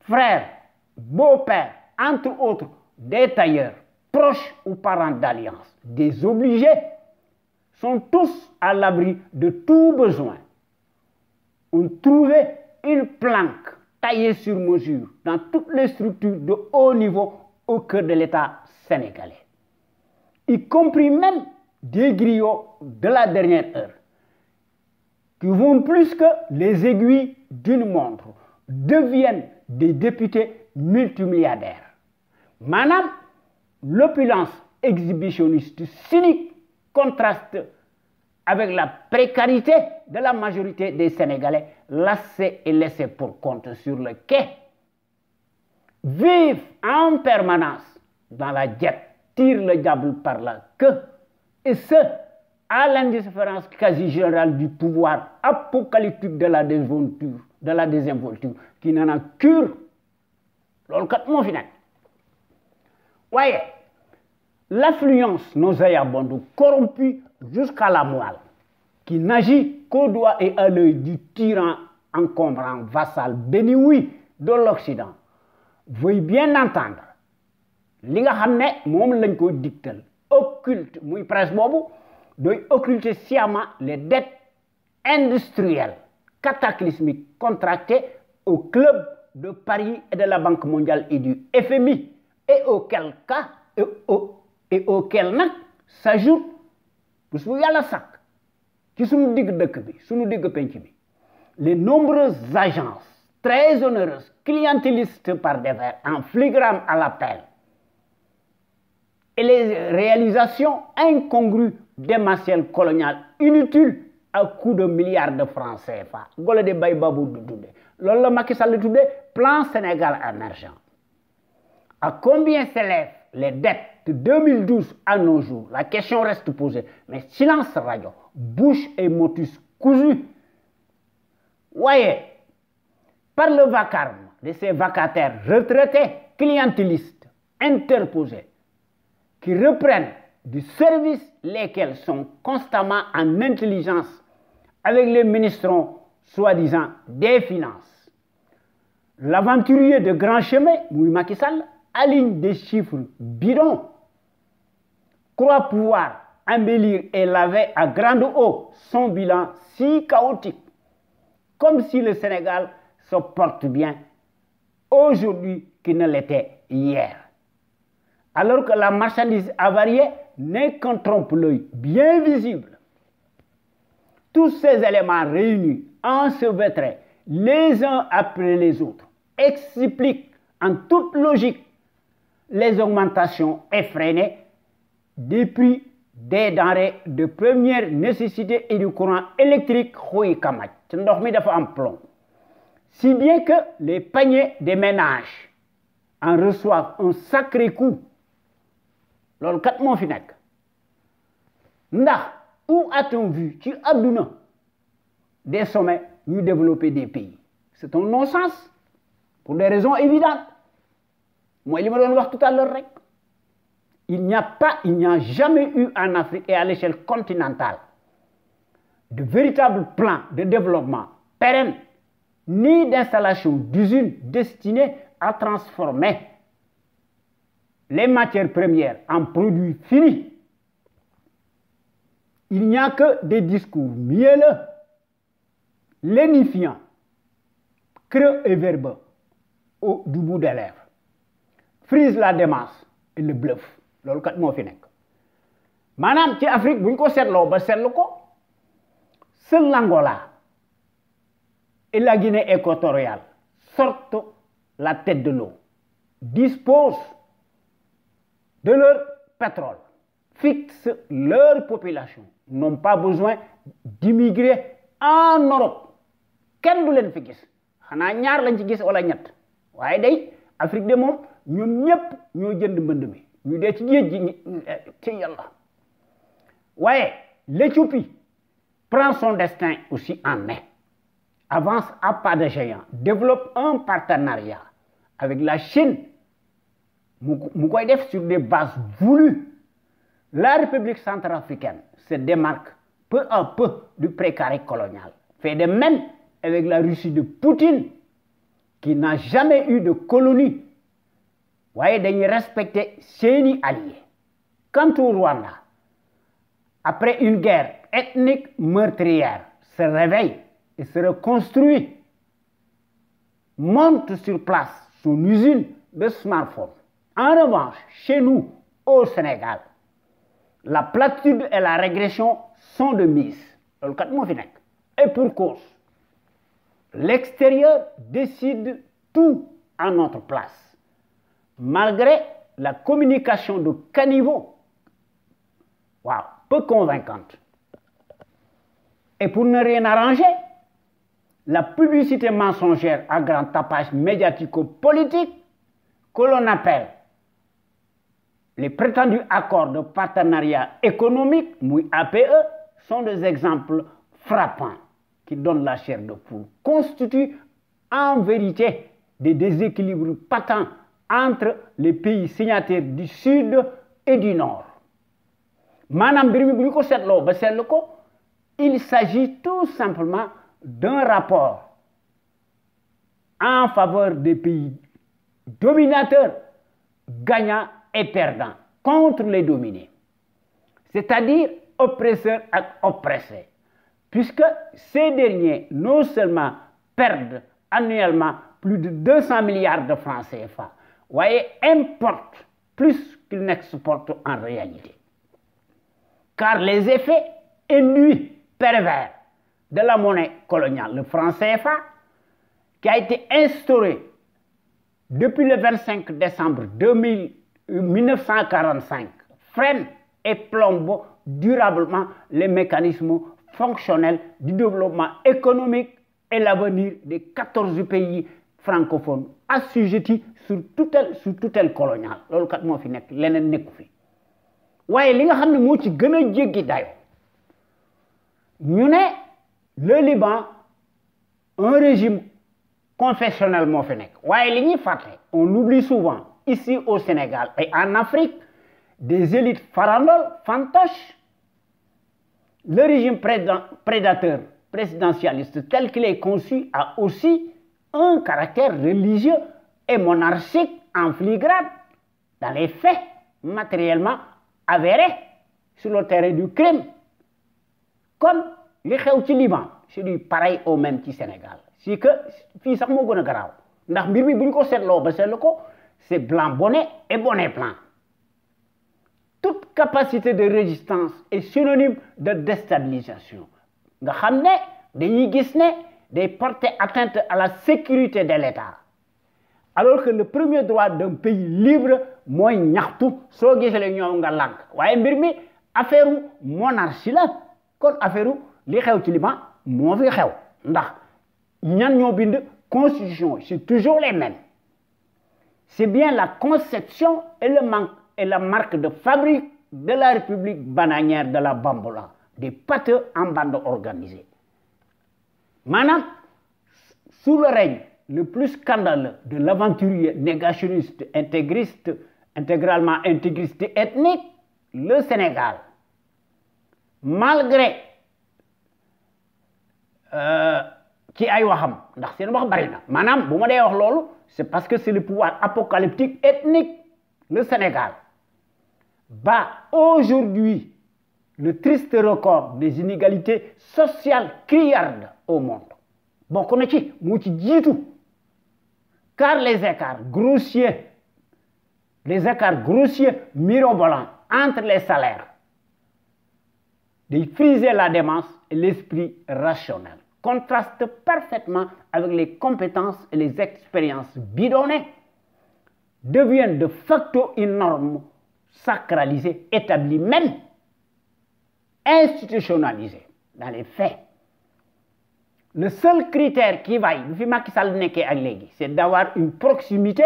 frères, beaux-pères, entre autres, des tailleurs, proches ou parents d'alliance, des obligés, sont tous à l'abri de tout besoin. On trouvait une planque taillée sur mesure dans toutes les structures de haut niveau au cœur de l'État sénégalais, y compris même des griots de la dernière heure qui vont plus que les aiguilles d'une montre, deviennent des députés multimilliardaires. Madame, l'opulence exhibitionniste cynique contraste avec la précarité de la majorité des Sénégalais, lassés et laissés pour compte sur le quai, vivent en permanence dans la diète, tirent le diable par la queue, et ce, à l'indifférence quasi générale du pouvoir apocalyptique de la désinvolture, de la qui n'en a cure le kat finale fi Voyez, waaye l'affluence nauséabonde corrompue jusqu'à la moelle qui n'agit qu'au doigt et à l'œil du tyran encombrant vassal béni de l'Occident Veuillez bien entendre li nga xam le occulte muy presse doy occulter sciemment les dettes industrielles cataclysmiques contractées au Club de Paris et de la Banque mondiale et du FMI, et auquel cas, et, au, et auquel s'ajoute vous yàlla les nombreuses agences très onéreuses clientélistes par vers en fligramme à l'appel et les réalisations incongrues démarche coloniale, inutile à coût de milliards de francs CFA golo de bay Babou plan Sénégal émergent à combien s'élèvent les dettes de 2012 à nos jours la question reste posée mais silence radio bouche et motus cousus Voyez, par le vacarme de ces vacataires retraités clientélistes interposés qui reprennent du service lesquels sont constamment en intelligence avec les ministres soi-disant des finances. L'aventurier de grand chemin, Mouy Macky aligne des chiffres bidons, croit pouvoir embellir et laver à grande eau son bilan si chaotique, comme si le Sénégal se porte bien aujourd'hui qu'il ne l'était hier. Alors que la marchandise avariée n'est qu'un trompe-l'œil bien visible. Tous ces éléments réunis en vêtraient les uns après les autres expliquent en toute logique les augmentations effrénées des prix des denrées de première nécessité et du courant électrique plomb si bien que les paniers des ménages en reçoivent un sacré coup le kat mo fi ndax où a-t-on vu tu des sommets nous développer des pays c'est un non-sens pour des raisons évidentes Moi, il me le wax tout à l'heure il n'y a pas il n'y a jamais eu en Afrique et à l'échelle continentale de véritables plans de développement pérenne ni d'installation d'usines destinées à transformer les matières premières en produits finis, il n'y a que des discours mielleux, lénifiants, creux et verbeux au, du bout des lèvres. Frise la démence et le bluff. loolu kat moo fi nekk maanaam ci Afrique l'eau, c'est ko seetloo C'est l'Angola et la Guinée équatoriale sortent la tête de l'eau disposent de leur pétrole, fixe leur population, n'ont pas besoin d'immigrer en Europe. Quelle du de l'Éthiopie prend son destin aussi en main avance à pas de géant développe un partenariat avec la Chine sur des bases voulues la république centrafricaine se démarque peu à peu du précaré colonial fait de même avec la Russie de Poutine qui n'a jamais eu de colonie voyez dañuy respecter ses alliés quant au Rwanda après une guerre ethnique meurtrière se réveille et se reconstruit monte sur place son usine de smartphones. En revanche, chez nous, au Sénégal, la platitude et la régression sont de mise. Et pour cause, l'extérieur décide tout à notre place. Malgré la communication de caniveau, peu convaincante. Et pour ne rien arranger, la publicité mensongère à grand tapage médiatico-politique que l'on appelle les prétendus accords de partenariat économique, ou APE, sont des exemples frappants qui donnent la chair de poule, constituent en vérité des déséquilibres patents entre les pays signataires du Sud et du Nord. il s'agit tout simplement d'un rapport en faveur des pays dominateurs gagnants et perdant contre les dominés, c'est-à-dire oppresseurs et oppressés, puisque ces derniers non seulement perdent annuellement plus de 200 milliards de francs CFA, voyez, importent plus qu'ils n'exportent en réalité. Car les effets nuits pervers de la monnaie coloniale, le franc CFA, qui a été instauré depuis le 25 décembre 2000, 1945 freine et plombe durablement les mécanismes fonctionnels du développement économique et l'avenir des 14 pays francophones assujettis sur toute sur coloniale loolu kat le Liban un régime confessionnel on oublie souvent ici au Sénégal et en Afrique des élites farandoles fantoches. Le régime prédateur présidentialiste tel qu'il est conçu a aussi un caractère religieux et monarchique en dans les faits matériellement avérés sur le terrain du crime. Comme les xew du Liban celui pareil au même qui Sénégal C'est que fii sax a ndax mbir mi bu ko c'est blanc bonnet et bonnet blanc. Toute capacité de résistance est synonyme de déstabilisation. nga xam ne dañuy gis ne atteinte à la sécurité de l'État alors que le premier droit d'un pays libre moi ñaxtu soo gisee ñoom nga lànk waaye mbir mi affaire monarchie la kon affaire li xew ci Liban moo fi xew ndax ñan ñoo bind constitution c'est toujours les mêmes c'est bien la conception et, la marque de fabrique de la République bananière de la Bambola, des pâtes en bande organisée. Maintenant, sous le règne le plus scandaleux de l'aventurier négationniste intégriste, intégralement intégriste ethnique, le Sénégal, malgré qui a eu c'est parce que c'est le pouvoir apocalyptique ethnique, le Sénégal, bat aujourd'hui le triste record des inégalités sociales criardes au monde. Bon, qu'on est tout. Car les écarts grossiers, les écarts grossiers mirobolants entre les salaires, de friser la démence et l'esprit rationnel contraste parfaitement avec les compétences et les expériences bidonnées, deviennent de facto une norme sacralisée, établie même, institutionnalisée dans les faits. Le seul critère qui vaille, c'est d'avoir une proximité,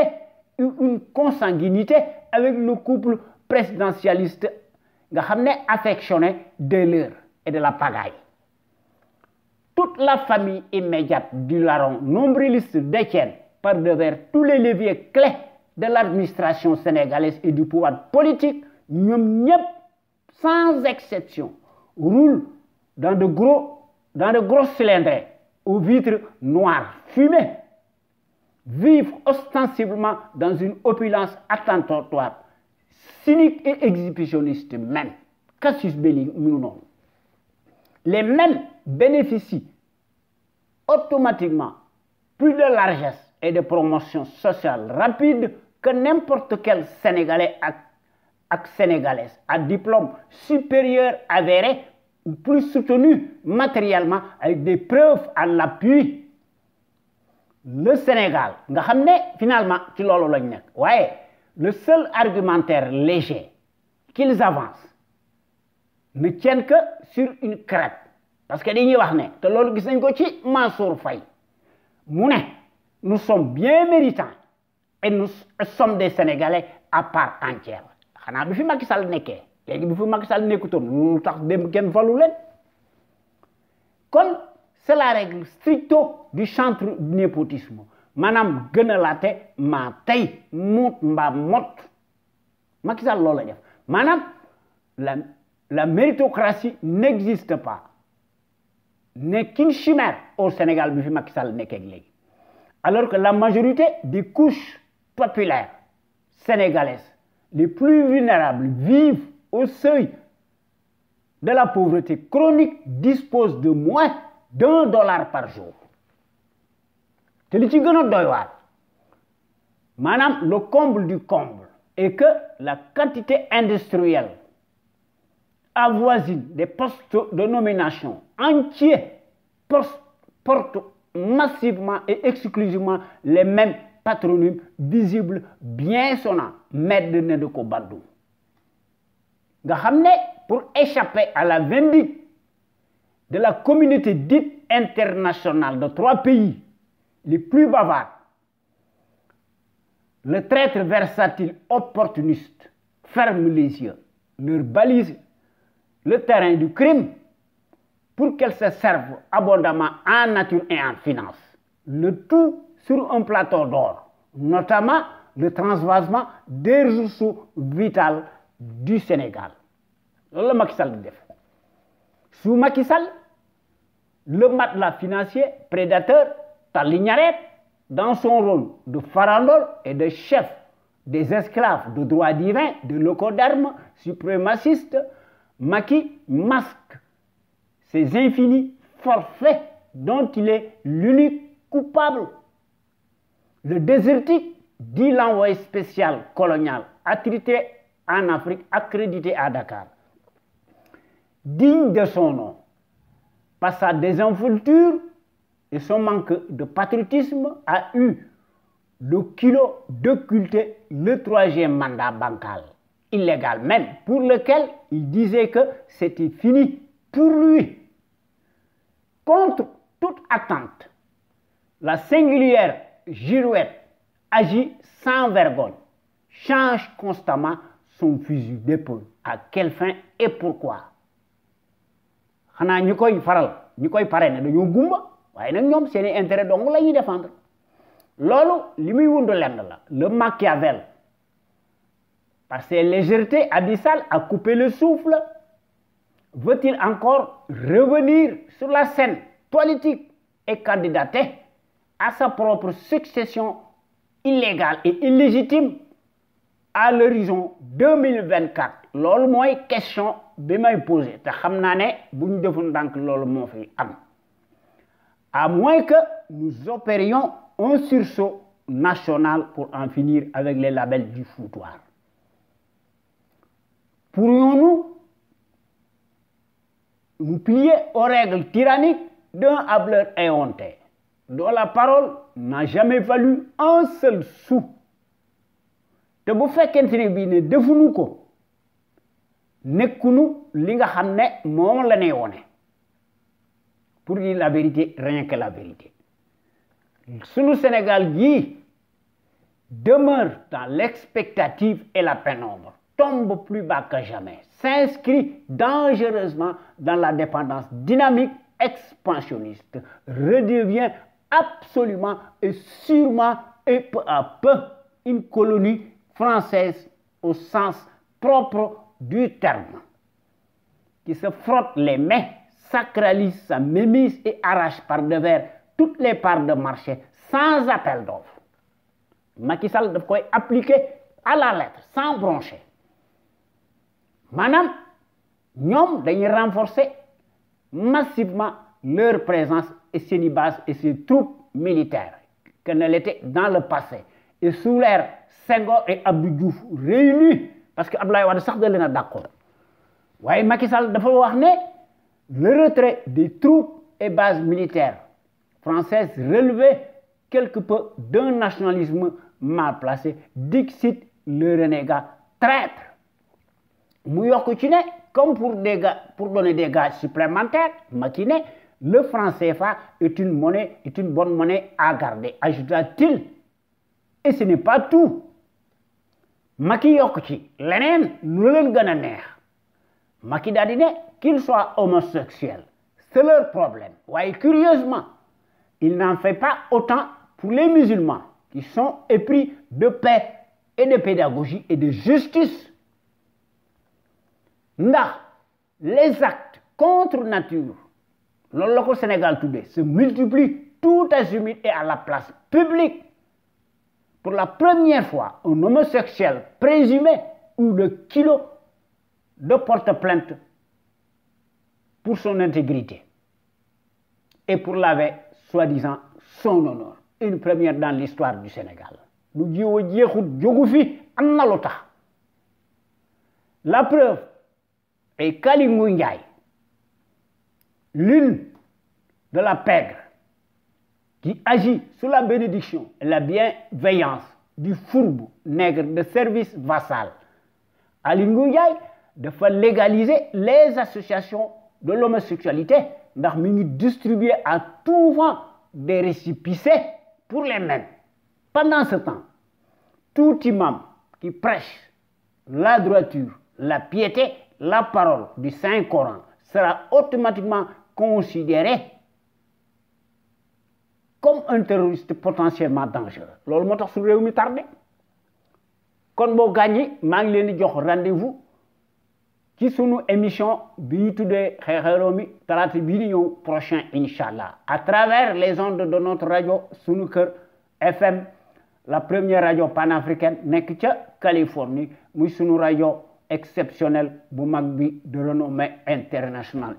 une consanguinité avec le couple présidentialiste affectionné de l'heure et de la pagaille toute la famille immédiate du larron nombriliste d'Étienne par devers tous les leviers clés de l'administration sénégalaise et du pouvoir politique, sans exception roule dans de gros dans de gros cylindres aux vitres noires fumées vivent ostensiblement dans une opulence attentatoire cynique et exhibitionniste même Cassius Belli nous les mêmes bénéficient automatiquement plus de largesse et de promotion sociale rapide que n'importe quel Sénégalais Sénégalaise à diplôme supérieur avéré ou plus soutenu matériellement avec des preuves en appui. le Sénégal finalement le seul argumentaire léger qu'ils avancent ne tiennent que sur une crête parce que dañuy wax ne te lolu gis nañ ko ci Mansour Faye mu né nous sommes bien méritants et nous sommes des Sénégalais à part entière Xana bi fi Macky Sall nekkee légui bi fi Macky Sall nekkutoon lu tax dem kenn valu len. kon c'est la règle stricto du chantre du népotisme Manam gëna a laate maa tey muut mbaa mot Macky Sall loolu la def Manam la la méritocratie n'existe pas n'est qu'une chimère au Sénégal Macky alors que la majorité des couches populaires sénégalaises les plus vulnérables vivent au seuil de la pauvreté chronique disposent de moins d'un dollar par jour Tu le comble du comble est que la quantité industrielle avoisine des postes de nomination entiers portent massivement et exclusivement les mêmes patronymes visibles bien sonnants maître de ko pour échapper à la vindicte de la communauté dite internationale de trois pays les plus bavards le traître versatile opportuniste ferme les yeux leur balise le terrain du crime pour qu'elle se serve abondamment en nature et en finance. Le tout sur un plateau d'or, notamment le transvasement des ressources vitales du Sénégal. Le Macky Sall def le matelas financier prédateur Talignaret, dans son rôle de farandole et de chef des esclaves de droit divin de locoderme suprémaciste. Maki masque ces infinis forfaits dont il est l'unique coupable. Le désertique, dit l'envoyé spécial colonial, attrité en Afrique, accrédité à Dakar, digne de son nom, par sa désenvolture et son manque de patriotisme, a eu le kilo culter le troisième mandat bancal illégal même, pour lequel il disait que c'était fini pour lui. Contre toute attente, la singulière girouette agit sans vergogne, change constamment son fusil d'épaule. À quelle fin et pourquoi le Machiavel par ses légèretés, abyssales à couper le souffle. Veut-il encore revenir sur la scène politique et candidater à sa propre succession illégale et illégitime à l'horizon 2024 Lolo question bi may à moins que nous opérions un sursaut national pour en finir avec les labels du foutoir pourrions-nous nous plier aux règles tyranniques d'un hableur éhonté, dont la parole n'a jamais valu un seul sou te pour dire la vérité rien que la vérité Le Sénégal demeure dans l'expectative et la pénombre tombe plus bas que jamais, s'inscrit dangereusement dans la dépendance dynamique expansionniste, redevient absolument et sûrement et peu à peu une colonie française au sens propre du terme, qui se frotte les mains, sacralise sa mémise et arrache par verre toutes les parts de marché sans appel d'offres. Macky Sall de koy appliquer à la lettre sans broncher Maintenant, nous dañuy renforcer massivement leur présence et ses bases et ses troupes militaires que ne dans le passé et sous l'air, Senghor et Abdou réunis parce que Abdoulaye Wade d'accord Macky Sall le retrait des troupes et bases militaires françaises relevait quelque peu d'un nationalisme mal placé dixit le renégat traître comme pour pour donner des gaz supplémentaires le franc CFA est une monnaie est une bonne monnaie à garder ajouta-t-il et ce n'est pas tout Qu'ils soient ci qu'il soit homosexuel c'est leur problème Oui, curieusement il n'en fait pas autant pour les musulmans qui sont épris de paix et de pédagogie et de justice les actes contre nature le la ko Sénégal tuddee se multiplient tout et à la place publique pour la première fois un homosexuel présumé ou le kilo de porte plainte pour son intégrité et pour laver soi-disant son honneur une première dans l'histoire du Sénégal Nous disons, la preuve et l'une de la pègre qui agit sous la bénédiction et la bienveillance du fourbe nègre de service vassal. Alingungay, de faire légaliser les associations de l'homosexualité ndax distribuer à tout vent des récipients pour les mêmes. Pendant ce temps, tout imam qui prêche la droiture, la piété la parole du Saint-Coran sera automatiquement considérée comme un terroriste potentiellement dangereux loolu moo tax su réew mi tardé kon boo gàññi maa ngi rendez-vous ci sunu émission bi de tuddee xew-xewi réew prochain Inch'Allah. à travers les ondes de notre radio « sunu FM la première radio panafricaine nekk Californie muy sunu radio exceptionnel bu de renommée internationale